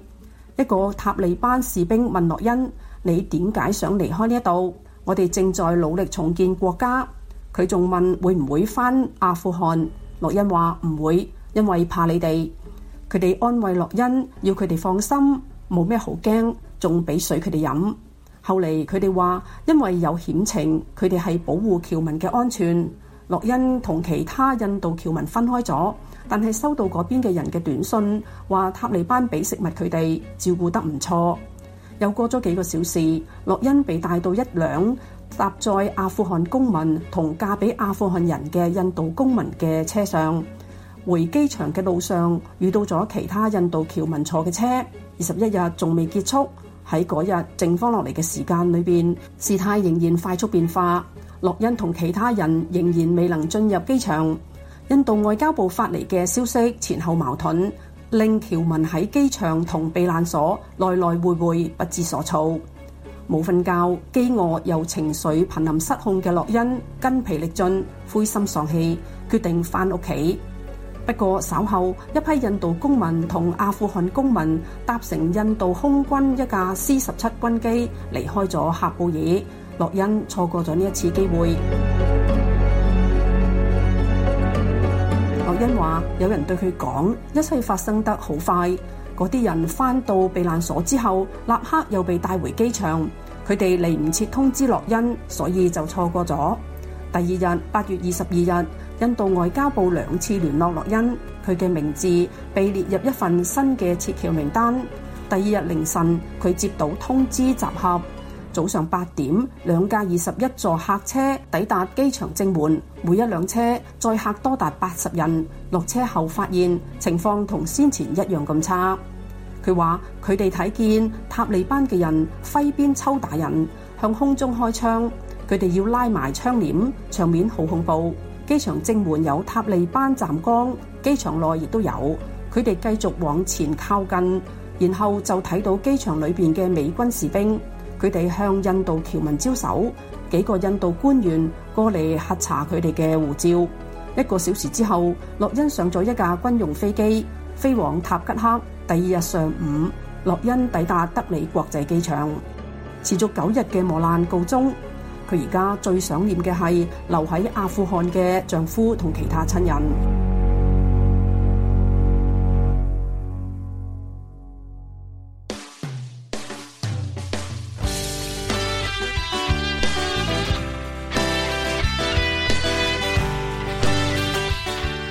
C: 一個塔利班士兵問諾恩：你點解想離開呢一度？我哋正在努力重建國家。佢仲問，會唔會翻阿富汗？洛恩話唔會，因為怕你哋。佢哋安慰洛恩，要佢哋放心，冇咩好驚，仲俾水佢哋飲，後嚟佢哋話，因為有險情，佢哋係保護僑民嘅安全。洛恩同其他印度僑民分開咗，但係收到嗰邊嘅人嘅短信，話塔利班俾食物佢哋，照顧得唔錯。又過咗幾個小時，洛恩被帶到一輛搭載阿富汗公民同嫁俾阿富汗人嘅印度公民嘅車上，回機場嘅路上遇到咗其他印度僑民坐嘅車。二十一日仲未結束，喺嗰日剩翻落嚟嘅時間裏邊，事態仍然快速變化。洛恩同其他人仍然未能進入機場。印度外交部發嚟嘅消息前後矛盾。令僑民喺機場同避難所來來回回不知所措，冇瞓覺、飢餓又情緒瀕臨失控嘅洛恩筋疲力盡、灰心喪氣，決定翻屋企。不過稍後一批印度公民同阿富汗公民搭乘印度空軍一架 C 十七軍機離開咗喀布爾，洛恩錯過咗呢一次機會。因話有人對佢講，一切發生得好快。嗰啲人翻到避難所之後，立刻又被帶回機場。佢哋嚟唔切通知洛恩，所以就錯過咗。第二日八月二十二日，印度外交部兩次聯絡洛恩，佢嘅名字被列入一份新嘅撤僑名單。第二日凌晨，佢接到通知集合。早上八點，兩架二十一座客車抵達機場正門，每一輛車載客多達八十人。落車後發現情況同先前一樣咁差。佢話佢哋睇見塔利班嘅人揮鞭抽打人，向空中開槍。佢哋要拉埋窗簾，場面好恐怖。機場正門有塔利班站崗，機場內亦都有。佢哋繼續往前靠近，然後就睇到機場裏邊嘅美軍士兵。佢哋向印度僑民招手，幾個印度官員過嚟核查佢哋嘅護照。一個小時之後，洛恩上咗一架軍用飛機，飛往塔吉克。第二日上午，洛恩抵達德里國際機場。持續九日嘅磨難告終，佢而家最想念嘅係留喺阿富汗嘅丈夫同其他親人。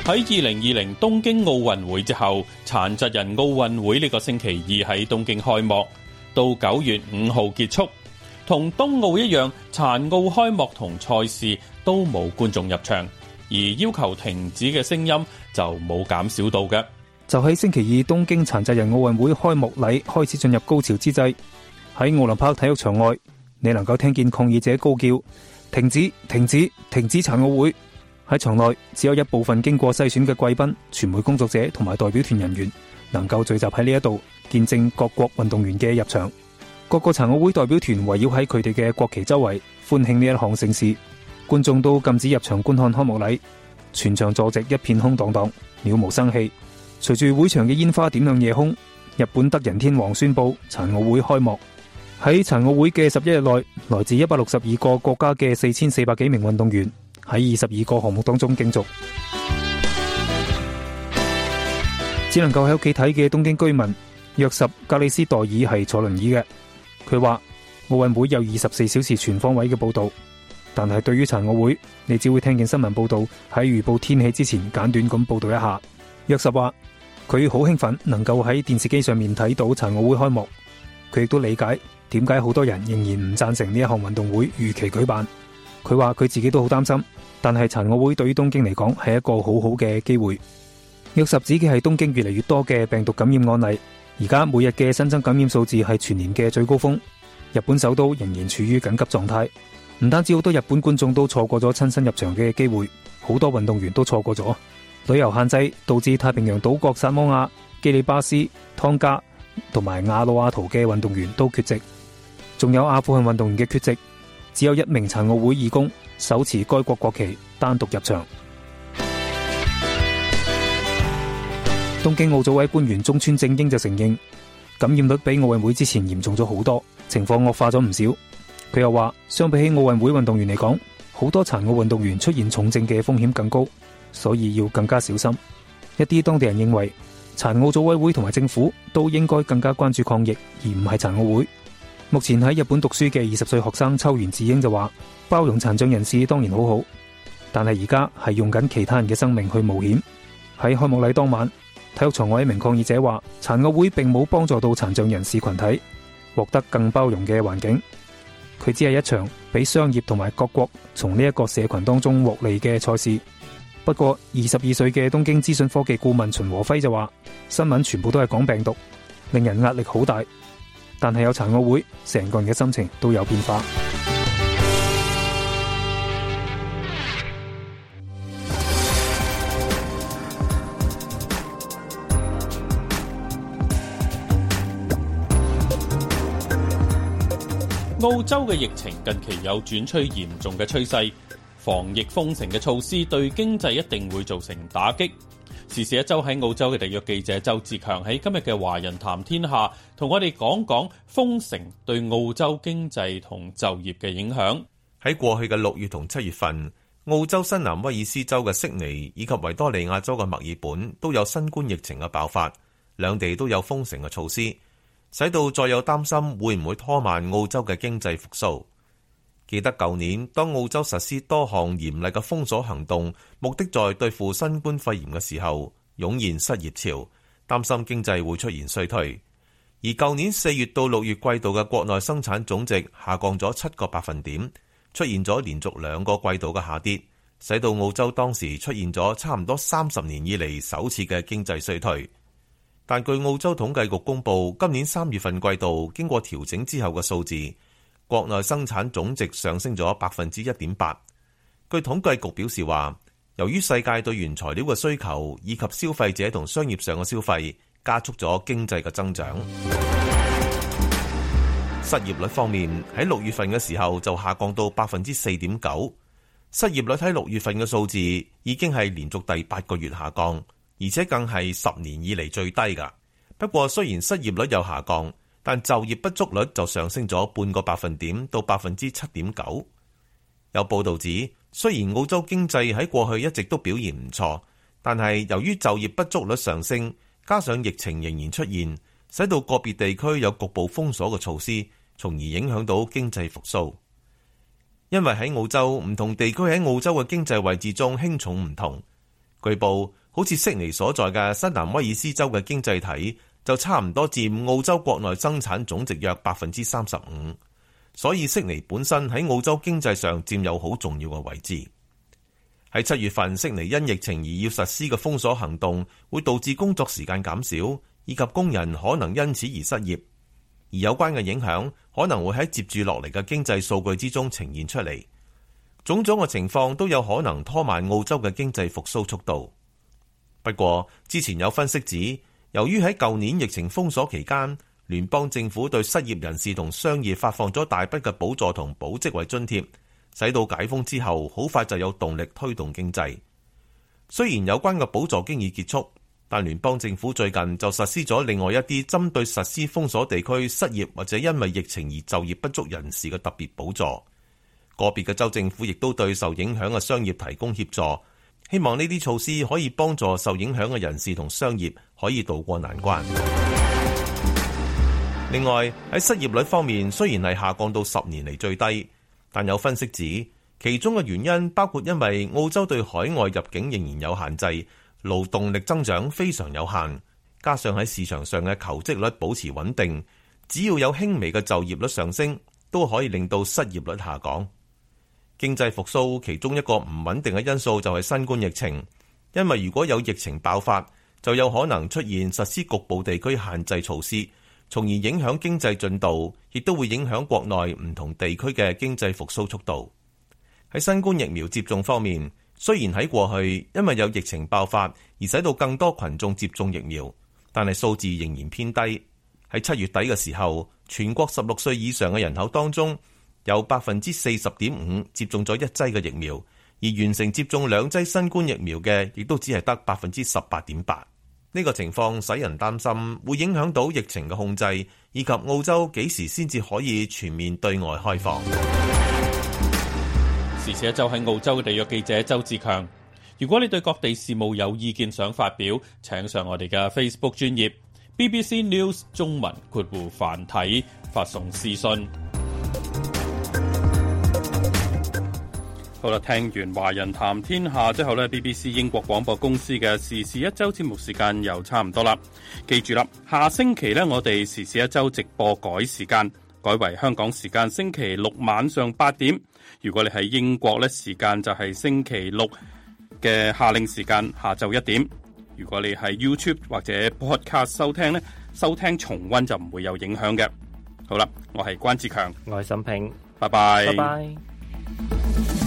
A: 喺二零二零東京奧運會之後，殘疾人奧運會呢個星期二喺東京開幕，到九月五號結束。同東奧一樣，殘奧開幕同賽事都冇觀眾入場，而要求停止嘅聲音就冇減少到嘅。
E: 就喺星期二東京殘疾人奧運會開幕禮開始進入高潮之際，喺奧林匹克體育場外，你能夠聽見抗議者高叫，停止，停止，停止殘奧會！喺場內只有一部分經過篩選嘅貴賓、傳媒工作者同埋代表團人員能夠聚集喺呢一度見證各國運動員嘅入場。各個殘奧會代表團圍繞喺佢哋嘅國旗周圍歡慶呢一項盛事。觀眾都禁止入場觀看開幕禮，全場坐席一片空蕩蕩，渺無生氣。隨住會場嘅煙花點亮夜空，日本德仁天皇宣布殘奧會開幕。喺殘奧會嘅十一日內，來自一百六十二個國家嘅四千四百幾名運動員。喺二十二個項目當中競逐，只能夠喺屋企睇嘅東京居民約什格里斯代爾係坐輪椅嘅。佢話奧運會有二十四小時全方位嘅報道，但係對於殘奧會，你只會聽見新聞報道喺預報天氣之前簡短咁報道一下。約什話佢好興奮能夠喺電視機上面睇到殘奧會開幕，佢亦都理解點解好多人仍然唔贊成呢一項運動會如期舉辦。佢話佢自己都好擔心，但係殘奧會對於東京嚟講係一個好好嘅機會。若十指嘅係東京越嚟越多嘅病毒感染案例，而家每日嘅新增感染數字係全年嘅最高峰。日本首都仍然處於緊急狀態，唔單止好多日本觀眾都錯過咗親身入場嘅機會，好多運動員都錯過咗。旅遊限制導致太平洋島國薩摩亞、基里巴斯、湯加同埋瓦努阿圖嘅運動員都缺席，仲有阿富汗運動員嘅缺席。只有一名殘奧會義工手持該國國旗單獨入場。 東京奧組委官員中村正英就承認，感染率比奧運會之前嚴重咗好多，情況惡化咗唔少。佢又話，相比起奧運會運動員嚟講，好多殘奧運動員出現重症嘅風險更高，所以要更加小心。一啲當地人認為，殘奧組委會同埋政府都應該更加關注抗疫，而唔係殘奧會。目前喺日本讀書嘅二十歲學生秋元智英就話：包容殘障人士當然好好，但係而家係用緊其他人嘅生命去冒險。喺開幕禮當晚，體育場外一名抗議者話：殘奧會並冇幫助到殘障人士群體獲得更包容嘅環境，佢只係一場俾商業同埋各國從呢一個社群當中獲利嘅賽事。不過，二十二歲嘅東京資訊科技顧問秦和輝就話：新聞全部都係講病毒，令人壓力好大。但係有殘奧會，成個人嘅心情都有變化。
A: 澳洲嘅疫情近期有轉趨嚴重嘅趨勢，防疫封城嘅措施對經濟一定會造成打擊。時事一周喺澳洲嘅地約記者周志強喺今日嘅華人談天下同我哋講講封城對澳洲經濟同就業嘅影響。喺過去嘅六月同七月份，澳洲新南威
G: 爾斯州嘅悉尼以及維多利亞州嘅墨爾本都有新冠疫情嘅爆發，兩地都有封城嘅措施，使到再有擔心會唔會拖慢澳洲嘅經濟復甦。記得舊年當澳洲實施多項嚴厲嘅封鎖行動，目的在對付新冠肺炎嘅時候，湧現失業潮，擔心經濟會出現衰退。而舊年四月到六月季度嘅國內生產總值下降咗七個百分點，出現咗連續兩個季度嘅下跌，使到澳洲當時出現咗差唔多三十年以嚟首次嘅經濟衰退。但據澳洲統計局公布，今年三月份季度經過調整之後嘅數字。國內生產總值上升咗百分之一點八，據統計局表示話，由於世界對原材料嘅需求以及消費者同商業上嘅消費，加速咗經濟嘅增長。失業率方面，喺六月份嘅時候就下降到百分之四點九。失業率喺六月份嘅數字已經係連續第八個月下降，而且更係十年以嚟最低噶。不過雖然失業率有下降。但就業不足率就上升咗半個百分點到百分之七點九。有報導指，雖然澳洲經濟喺過去一直都表現唔錯，但係由於就業不足率上升，加上疫情仍然出現，使到個別地區有局部封鎖嘅措施，從而影響到經濟復甦。因為喺澳洲，唔同地區喺澳洲嘅經濟位置中輕重唔同。據報，好似悉尼所在嘅新南威爾斯州嘅經濟體。就差唔多佔澳洲國內生產總值約百分之三十五，所以悉尼本身喺澳洲經濟上佔有好重要嘅位置。喺七月份，悉尼因疫情而要實施嘅封鎖行動，會導致工作時間減少，以及工人可能因此而失業。而有關嘅影響，可能會喺接住落嚟嘅經濟數據之中呈現出嚟。種種嘅情況都有可能拖慢澳洲嘅經濟復甦速度。不過，之前有分析指，由於喺舊年疫情封鎖期間，聯邦政府對失業人士同商業發放咗大筆嘅補助同保職位津貼，使到解封之後好快就有動力推動經濟。雖然有關嘅補助已經已結束，但聯邦政府最近就實施咗另外一啲針對實施封鎖地區失業或者因為疫情而就業不足人士嘅特別補助。個別嘅州政府亦都對受影響嘅商業提供協助。希望呢啲措施可以幫助受影響嘅人士同商業可以渡過難關。另外，喺失業率方面，雖然係下降到十年嚟最低，但有分析指其中嘅原因包括因為澳洲對海外入境仍然有限制，勞動力增長非常有限，加上喺市場上嘅求職率保持穩定，只要有輕微嘅就業率上升，都可以令到失業率下降。經濟復甦其中一個唔穩定嘅因素就係新冠疫情，因為如果有疫情爆發，就有可能出現實施局部地區限制措施，從而影響經濟進度，亦都會影響國內唔同地區嘅經濟復甦速度。喺新冠疫苗接種方面，雖然喺過去因為有疫情爆發而使到更多群眾接種疫苗，但係數字仍然偏低。喺七月底嘅時候，全國十六歲以上嘅人口當中，有百分之四十點五接種咗一劑嘅疫苗，而完成接種兩劑新冠疫苗嘅，亦都只係得百分之十八點八。呢、這個情況使人擔心，會影響到疫情嘅控制，以及澳洲幾時先至可以全面對外
A: 開放。時事一周喺澳洲嘅地約記者周志強。如果你對各地事務有意見想發表，請上我哋嘅 Facebook 專頁 BBC News 中文括弧繁體發送私信。好啦，聽完華人談天下之後呢，BBC 英國廣播公司嘅時事一周節目時間又差唔多啦。記住啦，下星期呢，我哋時事一周直播改時間，改為香港時間星期六晚上八點。如果你喺英國呢，時間就係星期六嘅夏令時間下晝一點。如果你喺 YouTube 或者 podcast 收聽呢，收聽重温就唔會有影響嘅。好啦，我係關志強，我係沈平，拜拜 bye，拜拜。